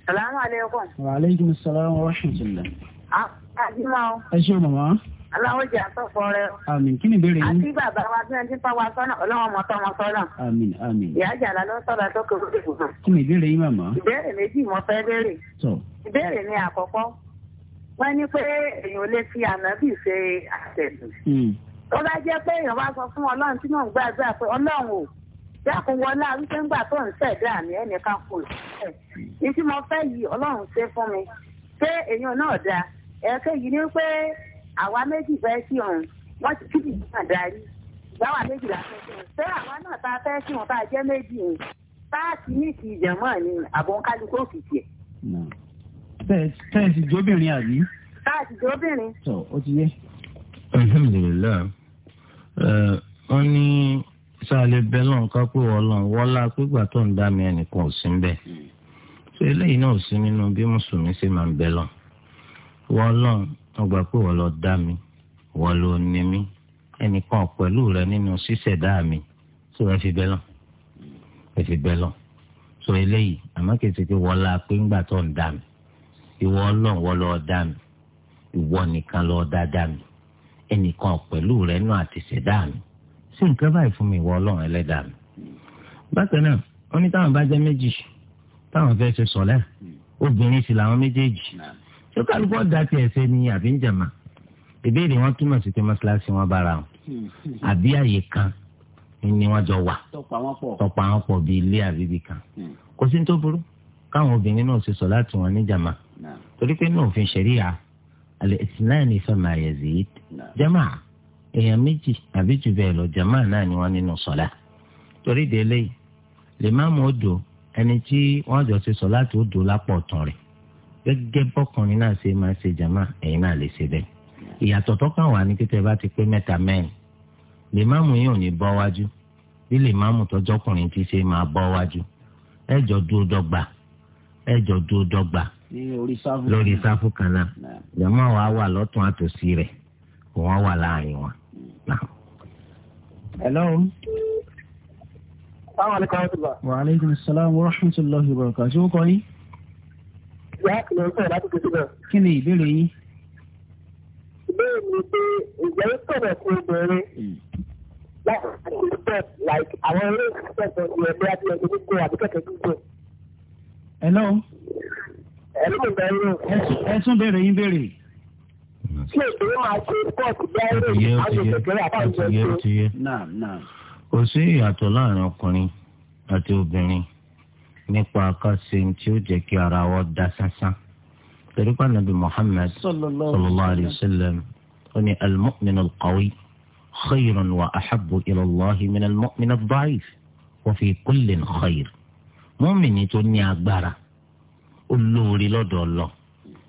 salaamu aleykum. wa aleykum salaam wa rahmatulah. a a ti ma o. ẹ ṣe màmá aláwọ̀ jẹ́ àtọ̀fọ́ rẹ. àmín kí ni ìbéèrè yín. àti bàbá wa tí wọ́n ti fa wa sọ́nà ọlọ́wọ́n mọ́tọ́ wọn sọ́nà. àmín àmín. ìyá àjàlá ló sọ̀rọ̀ tó kéwòn. kí ni ìbéèrè yín màmá. ìbéèrè méjì mo wọ́n ní pé èèyàn lè fi ànábì ṣe àtẹ̀sùn. Hmm. tó bá jẹ́ pé èèyàn wá sọ fún ọlọ́run tí mò ń gbàdúrà pé ọlọ́run ò dákun wọlé arúgbó ńgbà tó ń ṣẹ̀dá mi ẹnìkan kò ṣẹ̀ ní tí mo fẹ́ yìí ọlọ́run ṣe fún mi pé èèyàn náà dáa ẹ̀ẹ́kejì ni pé àwa méjì fẹ́ sí ọ̀hún wọ́n ti kíkì náà darí ìgbáwà méjì la fẹ́ sí ọ̀hún ṣé àwa náà ta fẹ́ sí ọ̀hún tá a jẹ́ méjì yìí táàkì ní ìjẹ̀mọ́ ni àbọ̀nkálukó kìkì ẹ̀. Hmm tẹ́ẹ̀sì jóbìnrin àbí. tẹ́ẹ̀sì jóbìnrin. tọ ó ti yé. alhamdulilayi wọn ní sàlẹ̀ bẹ́ẹ̀ náà ká pé wọ́n wọ́lá pígbà tó ń dá mi ẹnìkan ò sí ń bẹ̀. ṣé eléyìí náà ò sí nínú bí mùsùlùmí ṣe máa ń bẹ lọ. wọ́n lọ wọn gbà pé wọ́n lọ dá mi wọ́n lọ ní mi ẹnìkan pẹ̀lú rẹ nínú ṣíṣẹ̀dá mi tí wọ́n fi bẹ́ẹ̀ lọ. ẹ fi bẹ́ẹ̀ lọ. sọ eléyìí àmọ́ kìí ṣe pé wọ́lá pé ńgbà tó ń dá mi ìwọ ọlọ́run wọ́n lọ́ọ́ dá mi ìwọ nìkan lọ́ọ́ dá dá mi ẹnìkan pẹ̀lú rẹ̀ náà àti ṣẹ̀dá mi sí nǹkan báyìí fún mi ìwọ ọlọ́run ẹlẹ́dàá mi. bákan náà wọ́n ní táwọn bá jẹ́ méjì táwọn fẹ́ ṣe sọ̀lẹ́ obìnrin sì làwọn méjèèjì ṣé kálukú ọ̀dà tiẹ̀ ṣe ni àbí ń jẹ̀mà ìbéèrè wọn túmọ̀ sí pé mọ́ṣáláṣí wọn bára wọn àbí àyè kan ni wọ́n jọ wà tọ̀pọ̀ àwọn pọ̀ bíi ilé àbíbí kan hmm. kò sí ní tó burú káwọn obìnrin náà ṣe sọ̀lá tí wọ́n ní torí pé náà òfin ṣẹ̀ríya al-ithnan fama yazid jama'a èèyàn méjì àbí jù bẹ́ẹ̀ lọ jama'a náà ni wọ́n nínú sọ̀lá torí délé lè má mú odò ẹni tí wọ́n jọ ṣe sọ̀lá tó odò lápọ̀ ọ̀tún rẹ̀ gẹ́gẹ́ bọ́kùnrin náà ṣe máa ṣe jama'a ẹ̀yin náà lè ṣe bẹ́ẹ̀ ìyàtọ̀ tó kàn wá ní kété bá ti pé mẹ́ta mẹ́rin lè má mú yín ò ní bọ́ wájú bí lè má mú tọ́jọ́kùnrin ti ṣe máa bọ́ wájú ẹ̀jọ̀ dúró dọ́gba ẹ̀jọ̀ dúró dọ́gba lórí sáfù kan náà jàmá wa wà lọ́tún àtòsí rẹ̀ wọ́n wà láàrin wọn. Mm. hello. Wa aleykum salaam wa rahmatulahi wa barakatuh. Ṣé o kọ yín? Ìyá kìlọ̀ ń sọ̀rọ̀ láti tuntun náà. Kí ni ìbéèrè yín? Ìbéèrè mi pé ìjẹ́ ń sọ̀rọ̀ fún obìnrin láti mm. ṣe step like àwọn eré ìṣẹ́ ẹ tún yín béèrè. ṣé ìṣòro máa ṣe pọ́ọ̀kì dáírò àti kékeré àbájọ tó. kò sí ìyàtọ̀ láàrin ọkùnrin àti obìnrin nípa akáṣe tí ó jẹ́ kí ara wọn dá sánsán. torí nàbì Muhammad sallallahu alayhi wa sallam ó ní al-mu'min al-qawi wa ahabbu ila Allahi min al daif wa fi kullin khayr. mọ́mìnì tó ní agbára. olóore lọ́dọ̀ lọ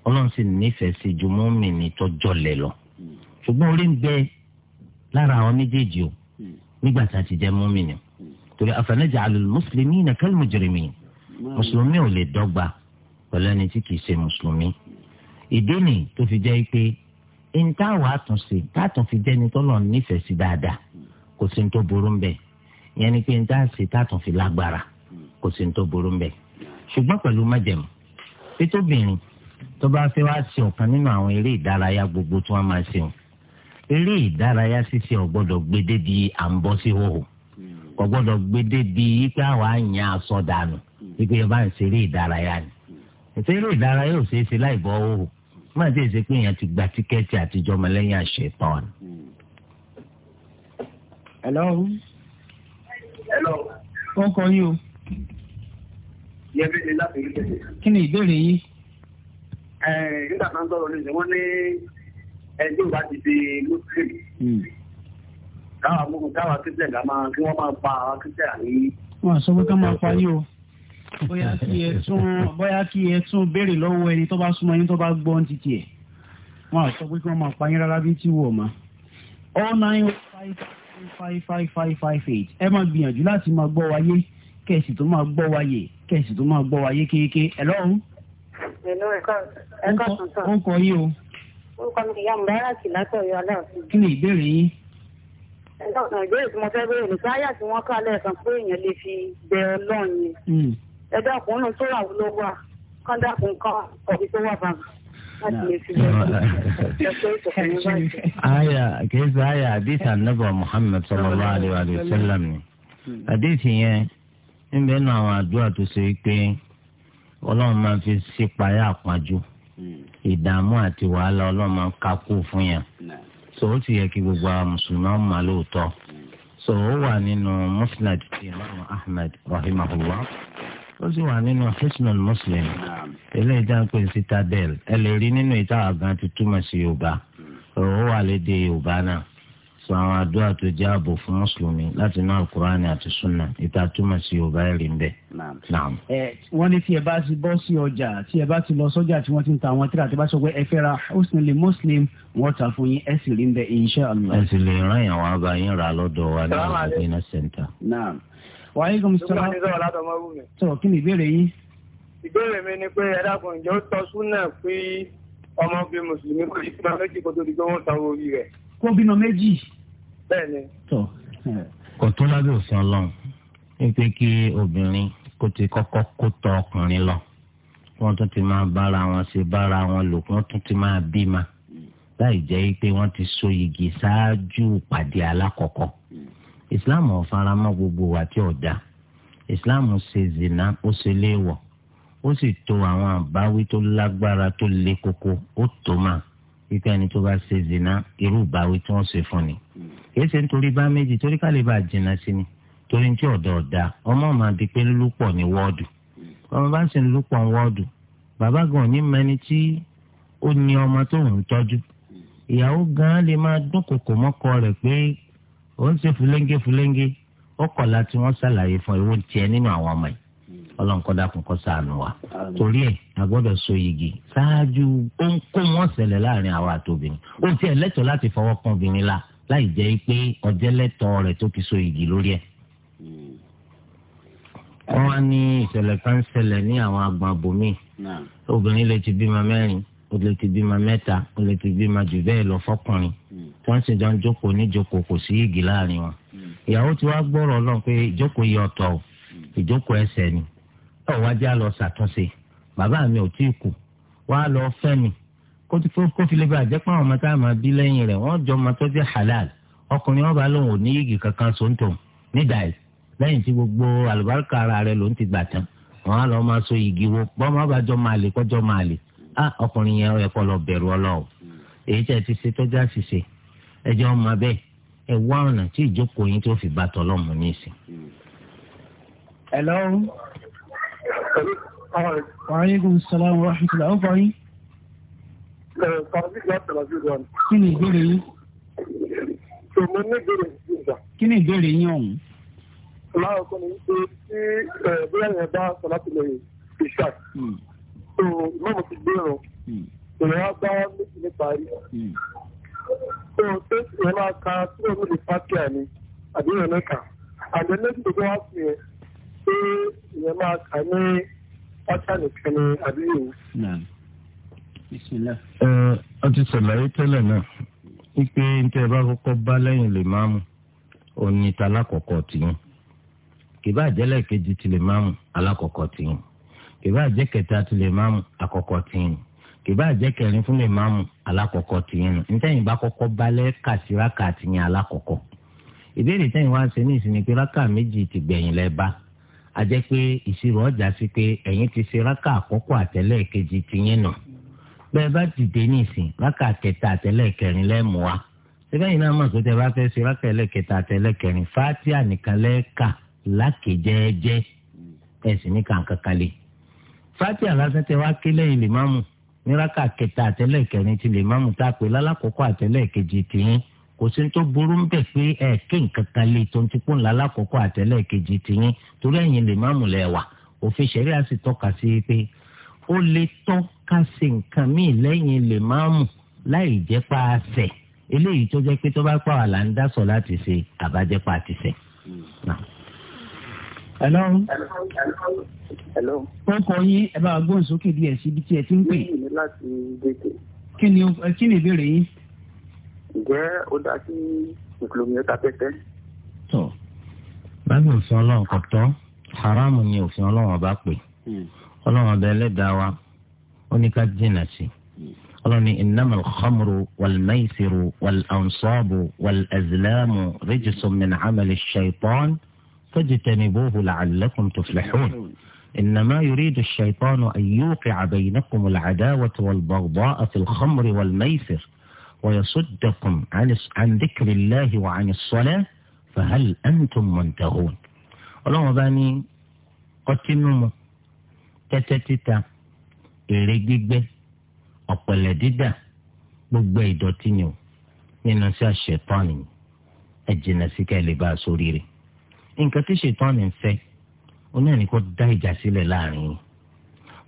ọlọ́run sì nífẹ̀ẹ́ sí ju mọ́mìnì tọ́jọ́ lẹ̀ lọ ṣùgbọ́n orí ń bẹ lára àwọn méjèèjì o nígbà tá a ti jẹ́ mọ́mìnì torí àfẹnẹ́jà àlùl muslimina kal mujrimin mùsùlùmí ò lè dọ́gba pẹ̀lú ẹni tí kìí ṣe mùsùlùmí ìdí nì tó fi jẹ́ pé ìta wà á tún ṣe tá tún fi jẹ́ ni tọ́lọ̀ nífẹ̀ẹ́ sí dáadáa kò sí tó burú ń bẹ̀ ìyẹn ni pé ìta ṣe tá tún fi lágbára kò sí tó burú ń bẹ̀ ṣùgbọ́n pẹ̀lú májẹ̀mú pé tóbìnrin tó bá fẹ́ wá ṣe ọ̀kan nínú àwọn eré ìdárayá gbogbo tí wọ́n máa ṣe wọn eré ìdárayá ṣíṣe ọ̀gbọ́dọ̀ gbédé di à ń bọ́ sí hòhò ọ̀gbọ́dọ̀ gbédé di ipe àwọn àyàn aṣọ dànù ipe yẹn bá ń ṣe eré ìdárayá ni ètò eré ìdárayá ò ṣeé ṣe láì bọ́ hòhò má ti ṣe pé èèyàn ti gba tíkẹ́ẹ̀tì àtijọ́ ọmọlẹ́yìn àṣẹ pọ́n. hello. hello. ó kọ yín o yẹmílẹ láti rí tẹ̀lé. kí ni ìbéèrè yìí. ẹ nígbà tó ń sọ̀rọ̀ ní ìṣẹ́ wọ́n ní ẹjọ́ bá ti di muslim. Hmm. káwa mú káwa kíkẹ́ ká máa kí wọ́n máa pa àwọn kíkẹ́ àní. wọn sọ pé ká máa pa yín o bóyá kí ẹ tún bóyá kí ẹ tún béèrè lọ́wọ́ ẹni tó bá súnmọ́ yín tó bá gbọ́ ń titi ẹ̀ wọn sọ pé kí wọ́n máa pa yín rárá bí tí wò ó all nine oh five five five five five eight ẹ máa gbìyànjú láti máa gbọ́ wáyé kẹ̀sì tó máa gbọ́ wáyé kẹ̀sì tó máa gbọ́ wáyé kéèké ẹ lọ́hùn. ẹ̀lọ́ ẹ̀kọ́ ẹ̀kọ́ tuntun. ó ń kọ yín o. orúkọ mi ti yá mi báyà sí látọ̀ yọ aláàfin. kí ni ìbéèrè yín. ẹ̀dọ́nà ìbéèrè tí mo fẹ́ béèrè ní káyà tí wọ́n kà lẹ́ẹ̀kan pé èèyàn lè fi bẹ ọlọ́run yẹn. ẹ̀dọ́ ọkùnrin tó rà ló wà kọ́ńdàkùn kan ọ̀bí tó wà bàbà aya kìí ṣe aya hadith anabi muhammad sallallahu alayhi wa sallam ni hadith hmm. yẹn níbẹ̀ náà àwọn àdúrà tó ṣe pé ọlọ́run máa fi ṣípayá àpájù ìdààmú àti wàhálà ọlọ́run máa ń kákó fún yàn so ó ti yẹ kí gbogbo àwọn mùsùlùmí ọmọ lóòótọ́ so ó wà nínú musnad ti imam ahmed rahimahullah ó sì wà nínú hisnul muslim eléyìí dáhùn pé citadel ẹ lè rí nínú ìta àgàn tuntun mọ̀ sí yorùbá ó wà lédè yorùbá náà sọ àwọn àdúrà tó jẹ́ ààbò fún mùsùlùmí láti inú alukurani àti sunna ìta túmọ̀ sí yorùbá ẹ̀rí ń bẹ̀. wọ́n ní tí ẹ bá ti bọ́ sí ọjà tí ẹ bá ti lọ sọ́jà tí wọ́n ti ń ta àwọn tíra tí bá sọ pé ẹ fẹ́ ra lè muslim wọ́n ta fún yín ẹ sì rí ń bẹ̀ insha allah. ẹ sì lè ràn yàn wá bá yín rà lọ́dọ̀ wa ní àgbẹ̀nà center. wa alaikum salaam. sọ̀rọ̀ kí ni ìbéèrè yín. ìbéèrè mi ni pé ẹ dákun ìjọ tọ́ súnà pé ọmọ bíi mùsùlùmí kò ní kí máa méjì kó tó di pé wọ́n ta orí rẹ̀ kó bímọ méjì. bẹ́ẹ̀ni. tọ kò tó lábẹ́ òfin Ọlọ́run ní pé kí obìnrin kó ti kọ́kọ́ kó tọ ọkùnrin lọ wọ́n tún ti máa bára wọn ṣe bára wọn lò wọ́n tún ti máa bímọ láì jẹ́ pé wọ́n ti so igi ṣáájú ìpàdé alákọ̀ọ́kọ́ islam ò fara mọ́ gbogbo wa tí ò dáa islam ṣe zina ó ṣe léèwọ̀ ó sì tò àwọn àbáwí tó lágbára tó le koko ó tó máa wípé ẹni tó bá ṣe zina irú ìbáwí tí wọ́n ṣe fún ni kìí ṣe nítorí bá méjì torí ká lè bá jìnnà sí ni torí ní tí ọ̀dọ̀ ọ̀dà ọmọ ọ̀ma di pé lúpọ̀ ní wọ́ọ̀dù ọmọ bá ń sìn lúpọ̀ ní wọ́ọ̀dù bàbá gan ní mẹni tí ó ní ọmọ tó ń tọ́jú ìyàwó gan lè máa dúnkòkò mọ́kọ rẹ̀ pé ó ń ṣe fúlẹ́ńgé fúlẹ́ńgé ọkọ̀ láti wọ́n ṣàlàyé fún ewu tiẹ̀ nínú àwọn ọmọ yìí ọlọ́nkọ́dá kún kọ́ sànù wa torí ẹ̀ a gbọ́dọ̀ so igi ṣáájú ó ń kó wọn ṣẹlẹ̀ láàrin àwa àtòbìnrin ó tiẹ̀ lẹ́tọ̀ọ́ láti fọwọ́ kan obìnrin la láì jẹ́ pé ọjẹ́lẹ́tọ̀ọ́ rẹ̀ tó fi so igi lórí ẹ̀. Hmm. wọ́n wá ní ìṣẹ̀lẹ̀ kan ṣẹlẹ̀ ní àwọn àgbọn abòmí obìnrin lè ti bímọ mẹ́rin ó lè ti bímọ mẹ́ta ó lè ti bímọ jù bẹ́ẹ̀ lọ fọkùnrin hmm. wọ́n sì jọ ń jókòó níjókòó kò sí igi láàrin wọn hmm. ìyàwó tí wàá gbọ́rọ̀ ọlọ́run pé ìjókòó yọ ọ̀tọ̀ ìjókòó ẹsẹ̀ ni ọ̀ wá já lọ ṣàtúnṣe bàbá mi ò tí ì kù wá lọ fẹ́ mi kó fi lè bá àjẹ́ pé àwọn ọmọ tá a máa bí lẹ́yìn rẹ̀ wọ́n jọ ọmọ tó jẹ́ halal ọkùnrin wọn bá lóun ò ní yìgì kankan sóńtò nídàí lẹ́yìn tí gbogbo àlùbáríkà ara rẹ̀ ló ń ti gbà tán wọ́n á lọ máa so yìgì wo bọ́n má bàa jọ máa lè kọ́jọ́ máa lè á ọkùnrin yẹn ẹ kọ́ lọ bẹ̀rù ọlọ́wọ́ èyí tẹ́ ti ṣe tọ́já ṣiṣe ẹ jẹ́ ọmọ bẹ́ẹ̀ ẹ wá ọ̀nà tí ìjókòó yín tó fi bàtọ̀ lọ́mù ní ìsìn. ẹ lọ́rùn. Wàhálẹ́gùn Sàlámù Rahmatullah, ó bọ̀ yín. Kí ni ìbéèrè yín? Ṣèmọ ní ìbéèrè ìgbà. Kí ni ìbéèrè yín ọ̀hún? Láwọn kan ní pé tí bóyá ìyẹn bá sọ̀rọ̀ láti lè ìṣà. So ìmọ̀mọ̀ ti Ìrìn àgbà méjì nípa rí. So ṣé ìyẹn máa tí wọ́n lè fásíà ni àbí ìrìn mẹ́ta? Àgbẹ̀ tó wá sí yẹn. pé ìyẹn máa kà ní ọjà nìkan ni àbí ọ ti ṣàlàyé tẹ́lẹ̀ náà wípé nítorí bá kọ́kọ́ bá lẹ́yìn lè máa mú òní ta tìyàn kìbá kejì máa mú tìyàn kìbá kẹta máa mú tìyàn kìbá kẹrin máa mú tìyàn bá ìbéèrè wá ń ṣe ní ìsinmi pé rákà bá a jẹ́ pé ìṣirò ọjà sí pé ẹ̀yin ti ṣe rákà àkọ́kọ́ àtẹ́lẹ̀ kejì ti yẹn nà bẹ́ẹ̀ bá dìde nísìn rákà kẹta àtẹ́lẹ̀ kẹrin lẹ́mú wa síbẹ̀ yìí náà mọ̀ pé tẹ bá fẹ́ ṣe rákà ẹlẹ́kẹta àtẹ́lẹ̀ kẹrin fátíà nìkan lẹ́ẹ̀ka lákèjẹ́ẹ́jẹ́ ẹ̀sìn ní kàǹkan kalẹ̀ fátíà lásán tẹ wá ké lẹ́yìn lè má ní rákà kẹta àtẹ́lẹ̀ kẹrin ti lè má tá a pè lálàkọ́kọ́ àtẹ́lẹ̀ kejì tìyín kò sí tó burú ń bẹ̀ pé ẹ kí nǹkan kan lè tó ń ti kún lálá kókó àtẹ́lẹ̀ kejì tìyín torí ẹ̀yin lè má múlẹ̀ wà òfin ṣẹ̀rí àti tọ́ka sí pé ó lè tọ́ ká ṣe nǹkan míì lẹ́yìn lè má mú láì jẹ́ pa àṣẹ eléyìí tó jẹ́ pé tó bá pàwọ́ là ń dásọ̀ láti ṣe àbájẹ́ pa àti ṣe. Hello. Hello. ó kọ yín ẹ bá gbóhùn sókè díẹ̀ síbi tí ẹ ti ń pè. kí ni ìbéèrè yín ǹjẹ́ ó dá sí mùsùlùmí ó ta tẹ́tẹ́. tó báyìí òfin ọlọ́run kò tọ́ haramu ni òfin ọlọ́run ọba pè hmm. ọlọ́run ọba ẹlẹ́dàá wa ó ní ká jìnnà sí hmm. ọlọ́run ní innamal khamru wal maisiru wal ansabu min amali shaitan fajtanibuhu la'allakum tuflihun. إنما يريد الشيطان أن يوقع بينكم العداوة والبغضاء في الخمر والميسر ويصدكم عن عن ذكر الله وعن الصلاة فهل أنتم منتهون ọlọ́run bá ní ọtí mímu tẹ́tẹ́ títa èrè gbígbẹ ọ̀pẹ̀lẹ̀ dídà gbogbo ìdọ̀tí ni o nínú sí àṣetọ́ni ẹ jìnnà sí ká ẹ lè bá a sórí rẹ̀ nǹkan tí ṣetọ́ni ń fẹ́ oní ẹni kò dá ìjà sílẹ̀ láàrin yín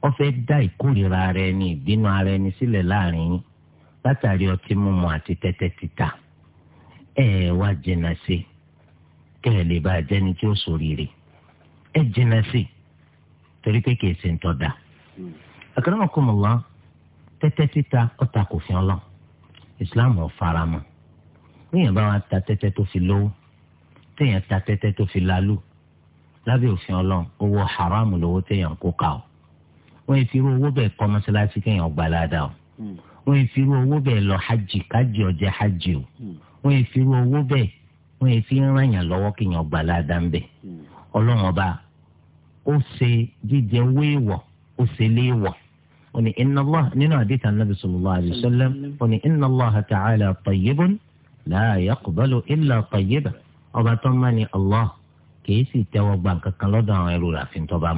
ó fẹ́ dá ìkórìíra ara ẹni ìbínú ara ẹni sílẹ̀ láàrin yín látàrí ọtí mímu àti tẹ́tẹ́ títa ẹ ẹ wá jìnnà sí kẹ ẹ lè bá jẹni tí ó ṣoríire ẹ jìnnà sí torí pé kìí ṣe ń tọ́ da. akramakumullah tẹ́tẹ́ títa ọ̀tà kò fi ọ́n lọ ìsìláàmù ọ̀faramọ́ níyàn bá wa ta tẹ́tẹ́ tó fi lówó téèyàn ta tẹ́tẹ́ tó fi lálù lábẹ́ òfin ọlọ́run owó haramu lówó téèyàn kó ka o wọ́n ti rú owó bẹ́ẹ̀ kọ́ mọ́ṣáláṣí kéèyàn gbà ládàá o. Hmm wọ́n yìí firú owó bẹ́ẹ̀ lọ hajj kájí ọ̀jẹ̀ hajj o wọ́n yìí firú owó bẹ́ẹ̀ wọ́n yìí fi ń ràyàn lọ́wọ́ kéèyàn gbà ládàá ń bẹ̀ ọlọ́run ọba ó ṣe jíjẹ owó èèwọ̀ ó ṣe léèwọ̀ ó ní inna Allah nínú àdìtà nàbì sallallahu alaihi wasallam ó ní inna Allah ta'ala tayyibun la yaqbalu ọba tó ń mani Allah kì sì tẹ́wọ́ gbà kankan lọ́dọ̀ àwọn ẹrú ràfin tó bá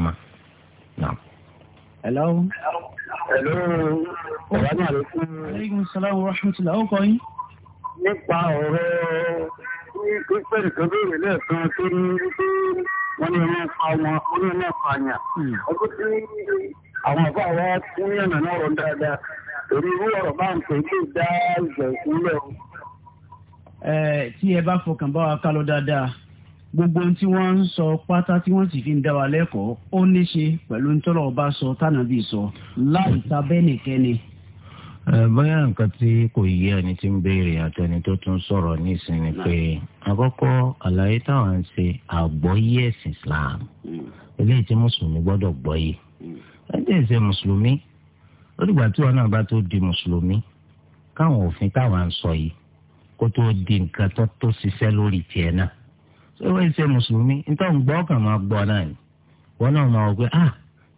Ẹ̀lú ọ̀rọ̀ náà ló fún mi. Aleykum salaam wa rahmatulah. Ó kọ yín. Nípa ọ̀rọ̀ pípẹ́ nìkan béèrè lẹ́ẹ̀kan tó ní wípé wọ́n ní ọmọ pa wọn, wọ́n ní ọmọ pa àyàn. Hmm. Ọdún tí àwọn àbá wa tún yànnà náà rọ̀ dáadáa. Torí irú ọ̀rọ̀ bá ń pè é dá ìjà ìpínlẹ̀ o. Eh, tí ẹ bá fọkàn bá wa ká lọ dáadáa gbogbo ohun tí wọ́n ń sọ pátá tí wọ́n sì fi ń dá wa lẹ́kọ̀ọ́ ó ní ṣe pẹ̀lú ntọ́lọ̀ ọba sọ tànàbí sọ láì tabẹ́ nìkẹ́ni. bóyá nǹkan tí kò yé ẹni tí ń béèrè àtẹni tó tún sọ̀rọ̀ nísìn ni pé àkọ́kọ́ àlàyé táwọn ń ṣe àgbọ́yé ẹ̀sìn Islam hmm. eléyìí tí mùsùlùmí gbọ́dọ̀ gbọ́yé hmm. ẹ̀jẹ̀ ìṣe mùsùlùmí ó dìgbà tí wọn náà bá tó di mùsùlùmí káwọn òfin táwọn ń sọ yìí kó tó di nǹkan tó tó ṣiṣẹ́ lórí tiẹ̀ náà ṣé wọ́n ṣe mùsùlùmí nítorí gbọ́ kàn máa gbọ́ náà ni wọ́n náà máa wọ pé ah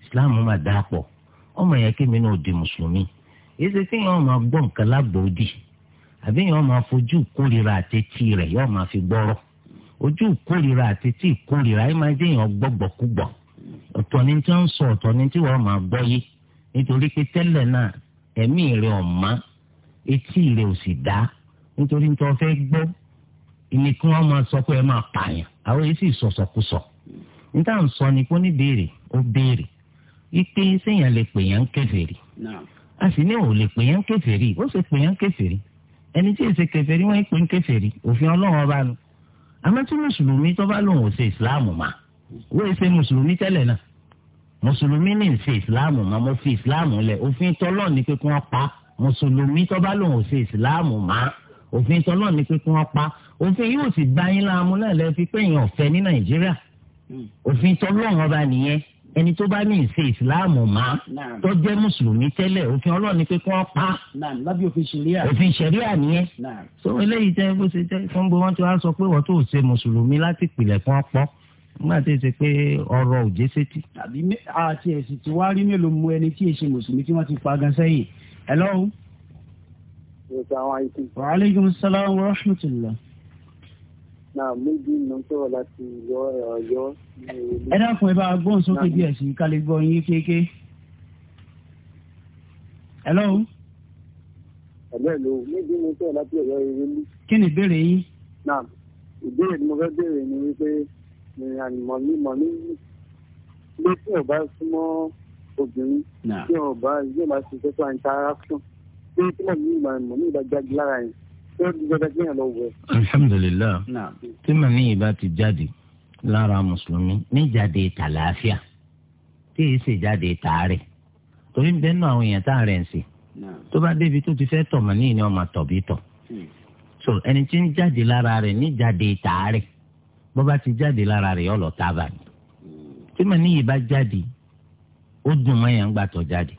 islam máa dáa pọ̀ ọmọ yẹn kí mi náà di mùsùlùmí yìí ṣe kí yẹn máa gbọ́ nǹkan àbí máa fojú àti tí rẹ̀ máa fi ni tí wọ́n sọ ni tí wọ́n máa gbọ́ yé nítorí pé tẹ́lẹ̀ náà ẹ̀mí rẹ̀ etí rẹ̀ ò ìní kí wọ́n máa sọ pé ẹ máa pààyàn àwọn èyí sì sọ̀sọ̀kúsọ. níta ń sọ ni kó ní béèrè ó béèrè ipe séèyàn lè pè yàn kèfèrí. a sì ní òun lè pè yàn kèfèrí ó sì pè yàn kèfèrí ẹni tí èsè kèfèrí wọ́n pè ń kèfèrí òfin ọlọ́run ọba nu. àmọ́ tí mùsùlùmí tó bá lòun ò ṣe ìsìláàmù mà wọ́n èsè mùsùlùmí tẹ́lẹ̀ náà mùsùlùmí ní ìṣe ìsìláàmù mà mo fi ìsìláàmù lẹ̀ òfin tọ́lọ́ ni pé kí wọ́n pa mùsùlùmí tó bá lòun ò ṣe ìsìláàmù mà òfin tọ́lọ́ ni pé kí wọ́n pa òfin yóò sì gba yín láàmú náà lẹ́ fi pé èèyàn ọ̀fẹ́ ní nàìjíríà hmm. òfin tọ́lọ́ wọn bá nìyẹn ẹni tó bá ní ìṣe ìsìláàmù má tó jẹ́ mùsùlùmí tẹ́lẹ̀ òfin ọlọ́ọ̀ni pé kí wọ́n pa òfin ṣẹ̀ríà nìyẹn so eléyìí tẹ́ bó ṣe tẹ́ fún gbogbo wọn tí wọ́n sọ pé wọ́n tó ṣe mùsùlùmí láti pìlẹ̀ kí wọ́n pọ́ nígbà tí èsì pé ọ̀rọ̀ òjé sétí. àbí àti ẹ̀sìn tí wàá rí mélòó mu ẹni tí èsì mùsùlùmí tí wọ́n ti pa gan sẹ́yìn. hello Wa alaikum salaam wa rahmatullah. Náà méjì ló ń sọ̀rọ̀ láti Ọ̀yọ́. Ẹ dákun ẹ bá gbọ́n sókè díẹ̀ sí ká lè gbọ́ yín kéèké. Hello. Ẹ̀lọ́ ìlú méjì ló ń láti Ọ̀yọ́ ìrẹ́lú. Kí ni ìbéèrè yín? Náà ìbéèrè mo fẹ́ béèrè ni wípé eh, mọ̀mí mọ̀mí ló tí ò súnmọ́ obìnrin tí ò bá ṣiṣẹ́ fún interaction pé tí màmú mi máa mọ̀ ní ìbàjáde lára yẹn tí wọ́n ti gbọdọ̀ kí yẹn lọ wẹ̀. alhamdulilayi tí màmí yìí bá ti jáde lára mùsùlùmí ní jáde tàlàáfíà tí èyí sì jáde tààrẹ̀ torí ń bẹ́ẹ̀ nù àwọn èèyàn tààrẹ̀ ń sè tó bá débi tó ti fẹ́ tọ̀ mọ́ ní ìní hmm. so ẹni tí ń jáde lára rẹ̀ ní jáde tààrẹ̀ bó ti jáde lára rẹ̀ yọ lọ ni hmm. tí mà níyì bá jáde ó dùn mọ́ yẹn ń gbà tó jáde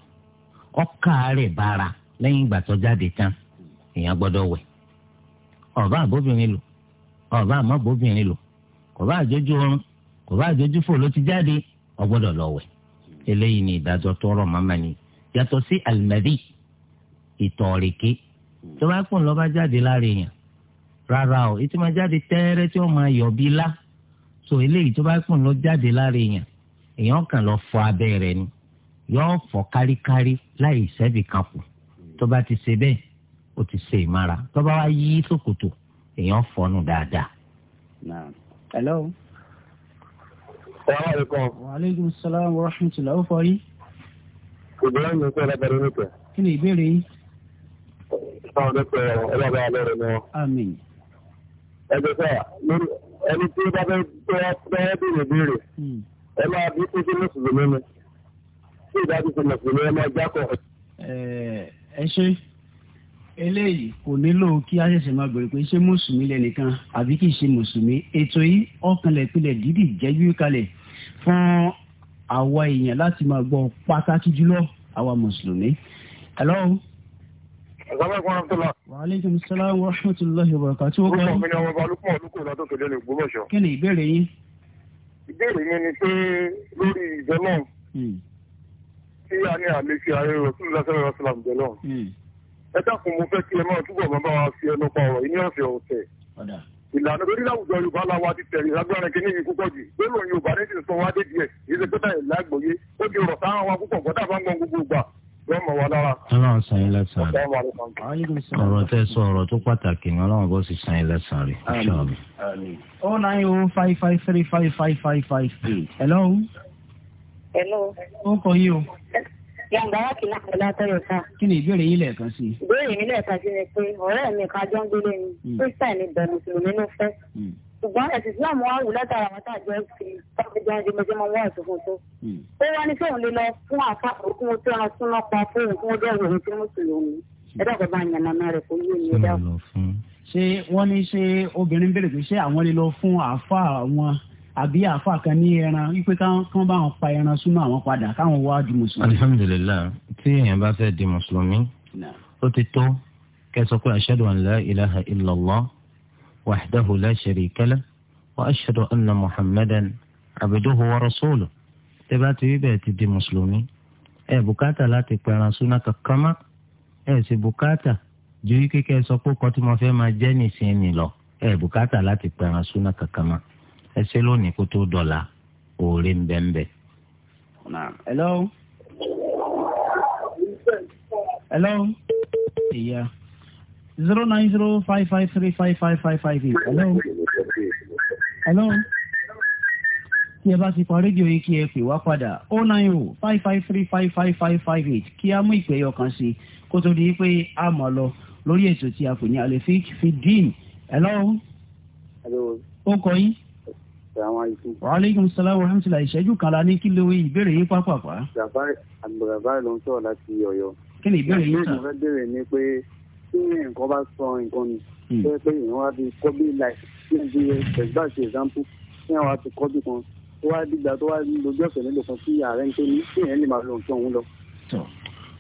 lẹ́yìn ìgbà tó jáde tán èèyàn gbọ́dọ̀ wẹ̀ ọ̀bá àbóbìnrin lò ọ̀bá àmọ́bóbìnrin lò kò bá àjọjú oorun kò bá àjọjú fò ló ti jáde ó gbọ́dọ̀ lọ wẹ̀ eléyìí ni ìdájọ́ tó rọ̀ mọ́mọ́ ni yàtọ̀ sí alimẹ́dì ìtọ̀ọ̀rẹ̀kẹ́ tó bá kùn lọ́ba jáde lára èèyàn rárá o ètò jáde tẹ́ẹ́rẹ́ tí wọ́n máa yọ̀ bí lá so eléyìí tó bá kùn lọ́ jáde lára èèyàn èèyàn kàn lọ fọ abẹ́ rẹ̀ ni yọ̀ọ́ fọ káríkárí láì sẹ́bì kù tó bá ti ṣe bẹ́ẹ̀ ó ti ṣe ìmára tó bá wá yí sòkòtò èèyàn fọnù dáadáa. hello. salaam aleykum. wa aleykum salaam wa rahmatulah ó fọ yín. ìbéèrè mi sọ̀rọ̀ bẹ̀rẹ̀ nípa. kí ni ìbéèrè yín. sáwọn dẹ́pẹ́ ọlọ́ba alẹ́rẹ̀ ni wọn. àmín. ẹgbẹ́ sọ́yà ẹni tí ó bá fẹ́ bẹ́ẹ̀ béèrè béèrè ẹ máa bí kó sí mùsùlùmí mi. tí ìdájọ́ sí mùsùlùmí ẹ máa jákọ̀. Eh, ẹ ṣe eléyìí kò nílò kí a ṣẹ̀ṣẹ̀ máa bẹ̀rẹ̀ pé ṣé mùsùlùmí lẹ́nìkan àbí kì í ṣe mùsùlùmí ètò yìí ọ̀kanlẹ̀ pilẹ̀ dídì jẹ́jú kalẹ̀ fún àwa èèyàn láti máa gbọ́ pàtàkì jùlọ àwa mùsùlùmí. hello. asalaamualeykum warahmatulah. waaleykum salaam wa rahmatulahi wa barakatuh. orúkọ mi ni ọmọ ọba olùkọ́ olùkọ́ ìlàtọ̀ tẹ̀lé ní ìgbọ́mọ̀ṣọ́. kí ni ìbéèrè yín. ìbéèrè tí a ní àlè fi ààrẹ rẹ̀ fún ìlàsẹ̀rẹ̀ rásìlám jẹ́ lọ́n. ẹ dákun mo fẹ́ kí ẹ máa túbọ̀ máa wa fi ẹnu pa ọ̀rọ̀ yìí ọ̀sẹ̀ ọ̀sẹ̀. ìlànà lórí láwùjọ yorùbá la ti tẹ̀lé lágbára kí yìí púpọ̀ jù gbẹ́lò yorùbá ní ti sọ wá díẹ̀ yìí ṣe pẹ́tà ìlà àgbòye ó di ọ̀rọ̀ sáà wa púpọ̀ gbọ́dá bá ń gbọ́n gbogbo ìgbà ọlọ́run Hello. Ó kọ yín o. Yàǹgá wá kìlá pẹ̀lú atọ́yọ̀ sá. Kí ni ìbéèrè yín lẹ́ẹ̀kan sí? Ìbéèrè mi lẹ́ẹ̀kan sí ni pé ọ̀rẹ́ mi kan jọ ń gbélé ni, hmm. Christian ni bẹ̀rù Mùsùlùmí ló fẹ́. Hmm. Ṣùgbọ́n ẹ̀sìn Islam wá wù látara àwọn táàjọ ẹ̀sìn tábìjọ ẹ̀dínmọ́jẹ́mọ́ wọ́n ẹ̀sùn fún tó. Hmm. Ó wá ní sóun lè lọ fún àfa òkun tó ra súná pa fún òun fún ọjọ́ ìròyìn tí Mùsùlùmí. Ẹ Ṣé wọ́n ní ṣé obìnrin bèrè pé ṣé àwọn lè lọ fún àfa àwọn àbí àáfà kan ní ẹran wípé kán bá wọn pa ẹran súnmọ́ àwọn padà káwọn wá di mùsùlùmí. alihamudulilayi tí èèyàn bá fẹ́ di mùsùlùmí ó ti tó kẹsọ pé ashhadu an la ilaha illallah wahdahu la sharika lah wa ashhadu anna muhammadan abduhu wa rasuluhu tẹ́ bá ti rí bẹ́ẹ̀ ti di mùsùlùmí ẹ bùkátà láti pa ẹran súnmọ́ kankan mọ́ ẹ sì bùkátà ju kíkẹ́ sọ pé kọ́tùmọ́fẹ́ máa jẹ́ nìsín ni lọ ẹ bùkátà láti pa ẹran súnmọ́ kankan mọ́ ẹ ṣe lónìí kó tó dọ̀la òòrè ń bẹ ń bẹ. hello. hello. ìyá zero nine zero five five three five five five five eight hello. hello. tí ẹ bá ti pa rédíò yìí kí ẹ pè wá padà oh nine oh five five three five five five five eight kí a mú ìpè yọ kan sí i kó tó di pé a mọ̀ lọ lórí ètò tí a pè ní alefik fidin hello. hello. ó kọ yín wàhálẹ́kùn sálàmù alhamdulilayi ìṣẹ́jú kan la ní kí ló ìbéèrè yín pápápá. bàbá àgbàbá ló ń sọ̀rọ̀ láti ọ̀yọ́. kí ni ìbéèrè yín sàn. ìbéèrè mi fẹ́ bèrè ni pé tí nǹkan bá sọ nǹkan nù hmm. pé pé ìyẹn wá fi kọ́bí láì sí ibi ẹgbẹ́ àti example tí wọ́n wá fi kọ́bí kan tó wá dìgbà tó wá lójú ọ̀sẹ̀ nílò kan sí ààrẹ ń tó ní kí ìyẹn lè máa lo nǹkan òun lọ.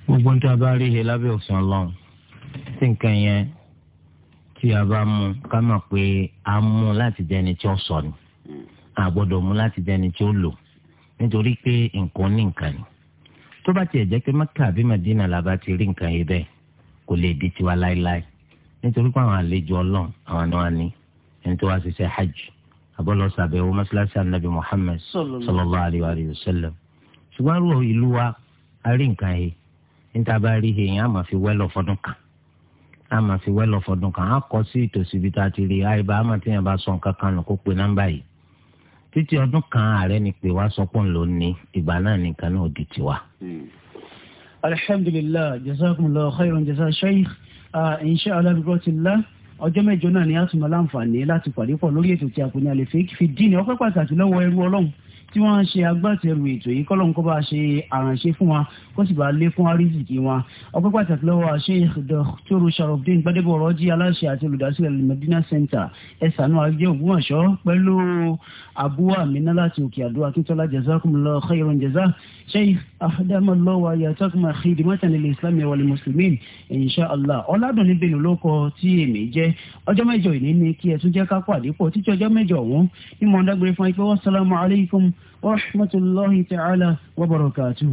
gbogbo ní tí a bá rí he lábẹ́ òfin ọlọ́run tí nǹkan yẹn tí a bá mú ká mọ̀ pé a mú láti jẹ́ni tí ó sọ ni àgbọ́dọ̀ mú láti dẹni tí ó lò nítorí pé nǹkan ní nǹkan ni tó bá tiẹ̀ jẹ́ pé mẹ́kà àbí mẹ́dínà làbá ti rí nǹkan yìí bẹ́ẹ̀ kò lè di tiwa láéláé nítorí pé àwọn àlejò ọlọ́run àwọn ni wọ́n ní ẹni tó wá ṣiṣẹ́ hajj àbọ̀lọ́ sàbẹ̀wò mọ́ṣáláṣí anabi muhammed sallallahu alayhi wa sallam ṣùgbọ́n rú ìlú wa a rí nǹkan yìí níta bá rí èèyàn àmà fi wẹ́lọ̀ fọdún kan àmà fi wẹ́lọ̀ fọdún kan á kọ́ sí ìtòsí ibi tá a ti rí àyíbá títí ọdún kan ààrẹ ni pé wá sọ pé ńlọ ní ìgbà náà nìkan náà di tiwa. Hmm. alhamdulilayi jazakumullahu khairan jaza sheikh ah, insha allah bi rahmatulah ọjọ́ mẹ́jọ náà ni a tún máa láǹfààní láti pàdé pọ̀ lórí ètò tí a kò ní àlè fi dín ní ọpẹ́ pàtàkì lọ́wọ́ ẹrú ọlọ́run tí wọ́n ń ṣe agbátẹrù ètò yìí kọ́lọ́n kó bá ṣe àrànṣe fún wa kó sì bá lé fún àrísìkí wọn. ọpẹ́ pàtàkì lọ́wọ́ Sheikh Dr. Sharafdin Gbadebo Ọ̀rọ̀jì aláṣẹ àti olùdásílẹ̀ Medina Center ẹ̀sánú ajé Ògbómọ̀ṣọ́ pẹ̀lú Abu Amina láti òkè àdó Akíntọ́lá jazakumullahu khairan jaza Sheikh àdámọ́ lọ́wọ́ ayé àtọ́kùnmá khidmatan lil islam wal muslimin inṣàlá ọ̀làdùnní bẹ̀rù lóko tí èmi jẹ́ ọjọ́ mẹ́jọ ìní ni kí ẹ tún jẹ́ kápọ̀ àdìpọ̀ títí ọjọ́ mẹ́jọ ọ̀hún ní mọ̀ọ́dágbére fún ẹ pé wassalamu alaikum wa rahmatullahi ta'ala wa barakatuh.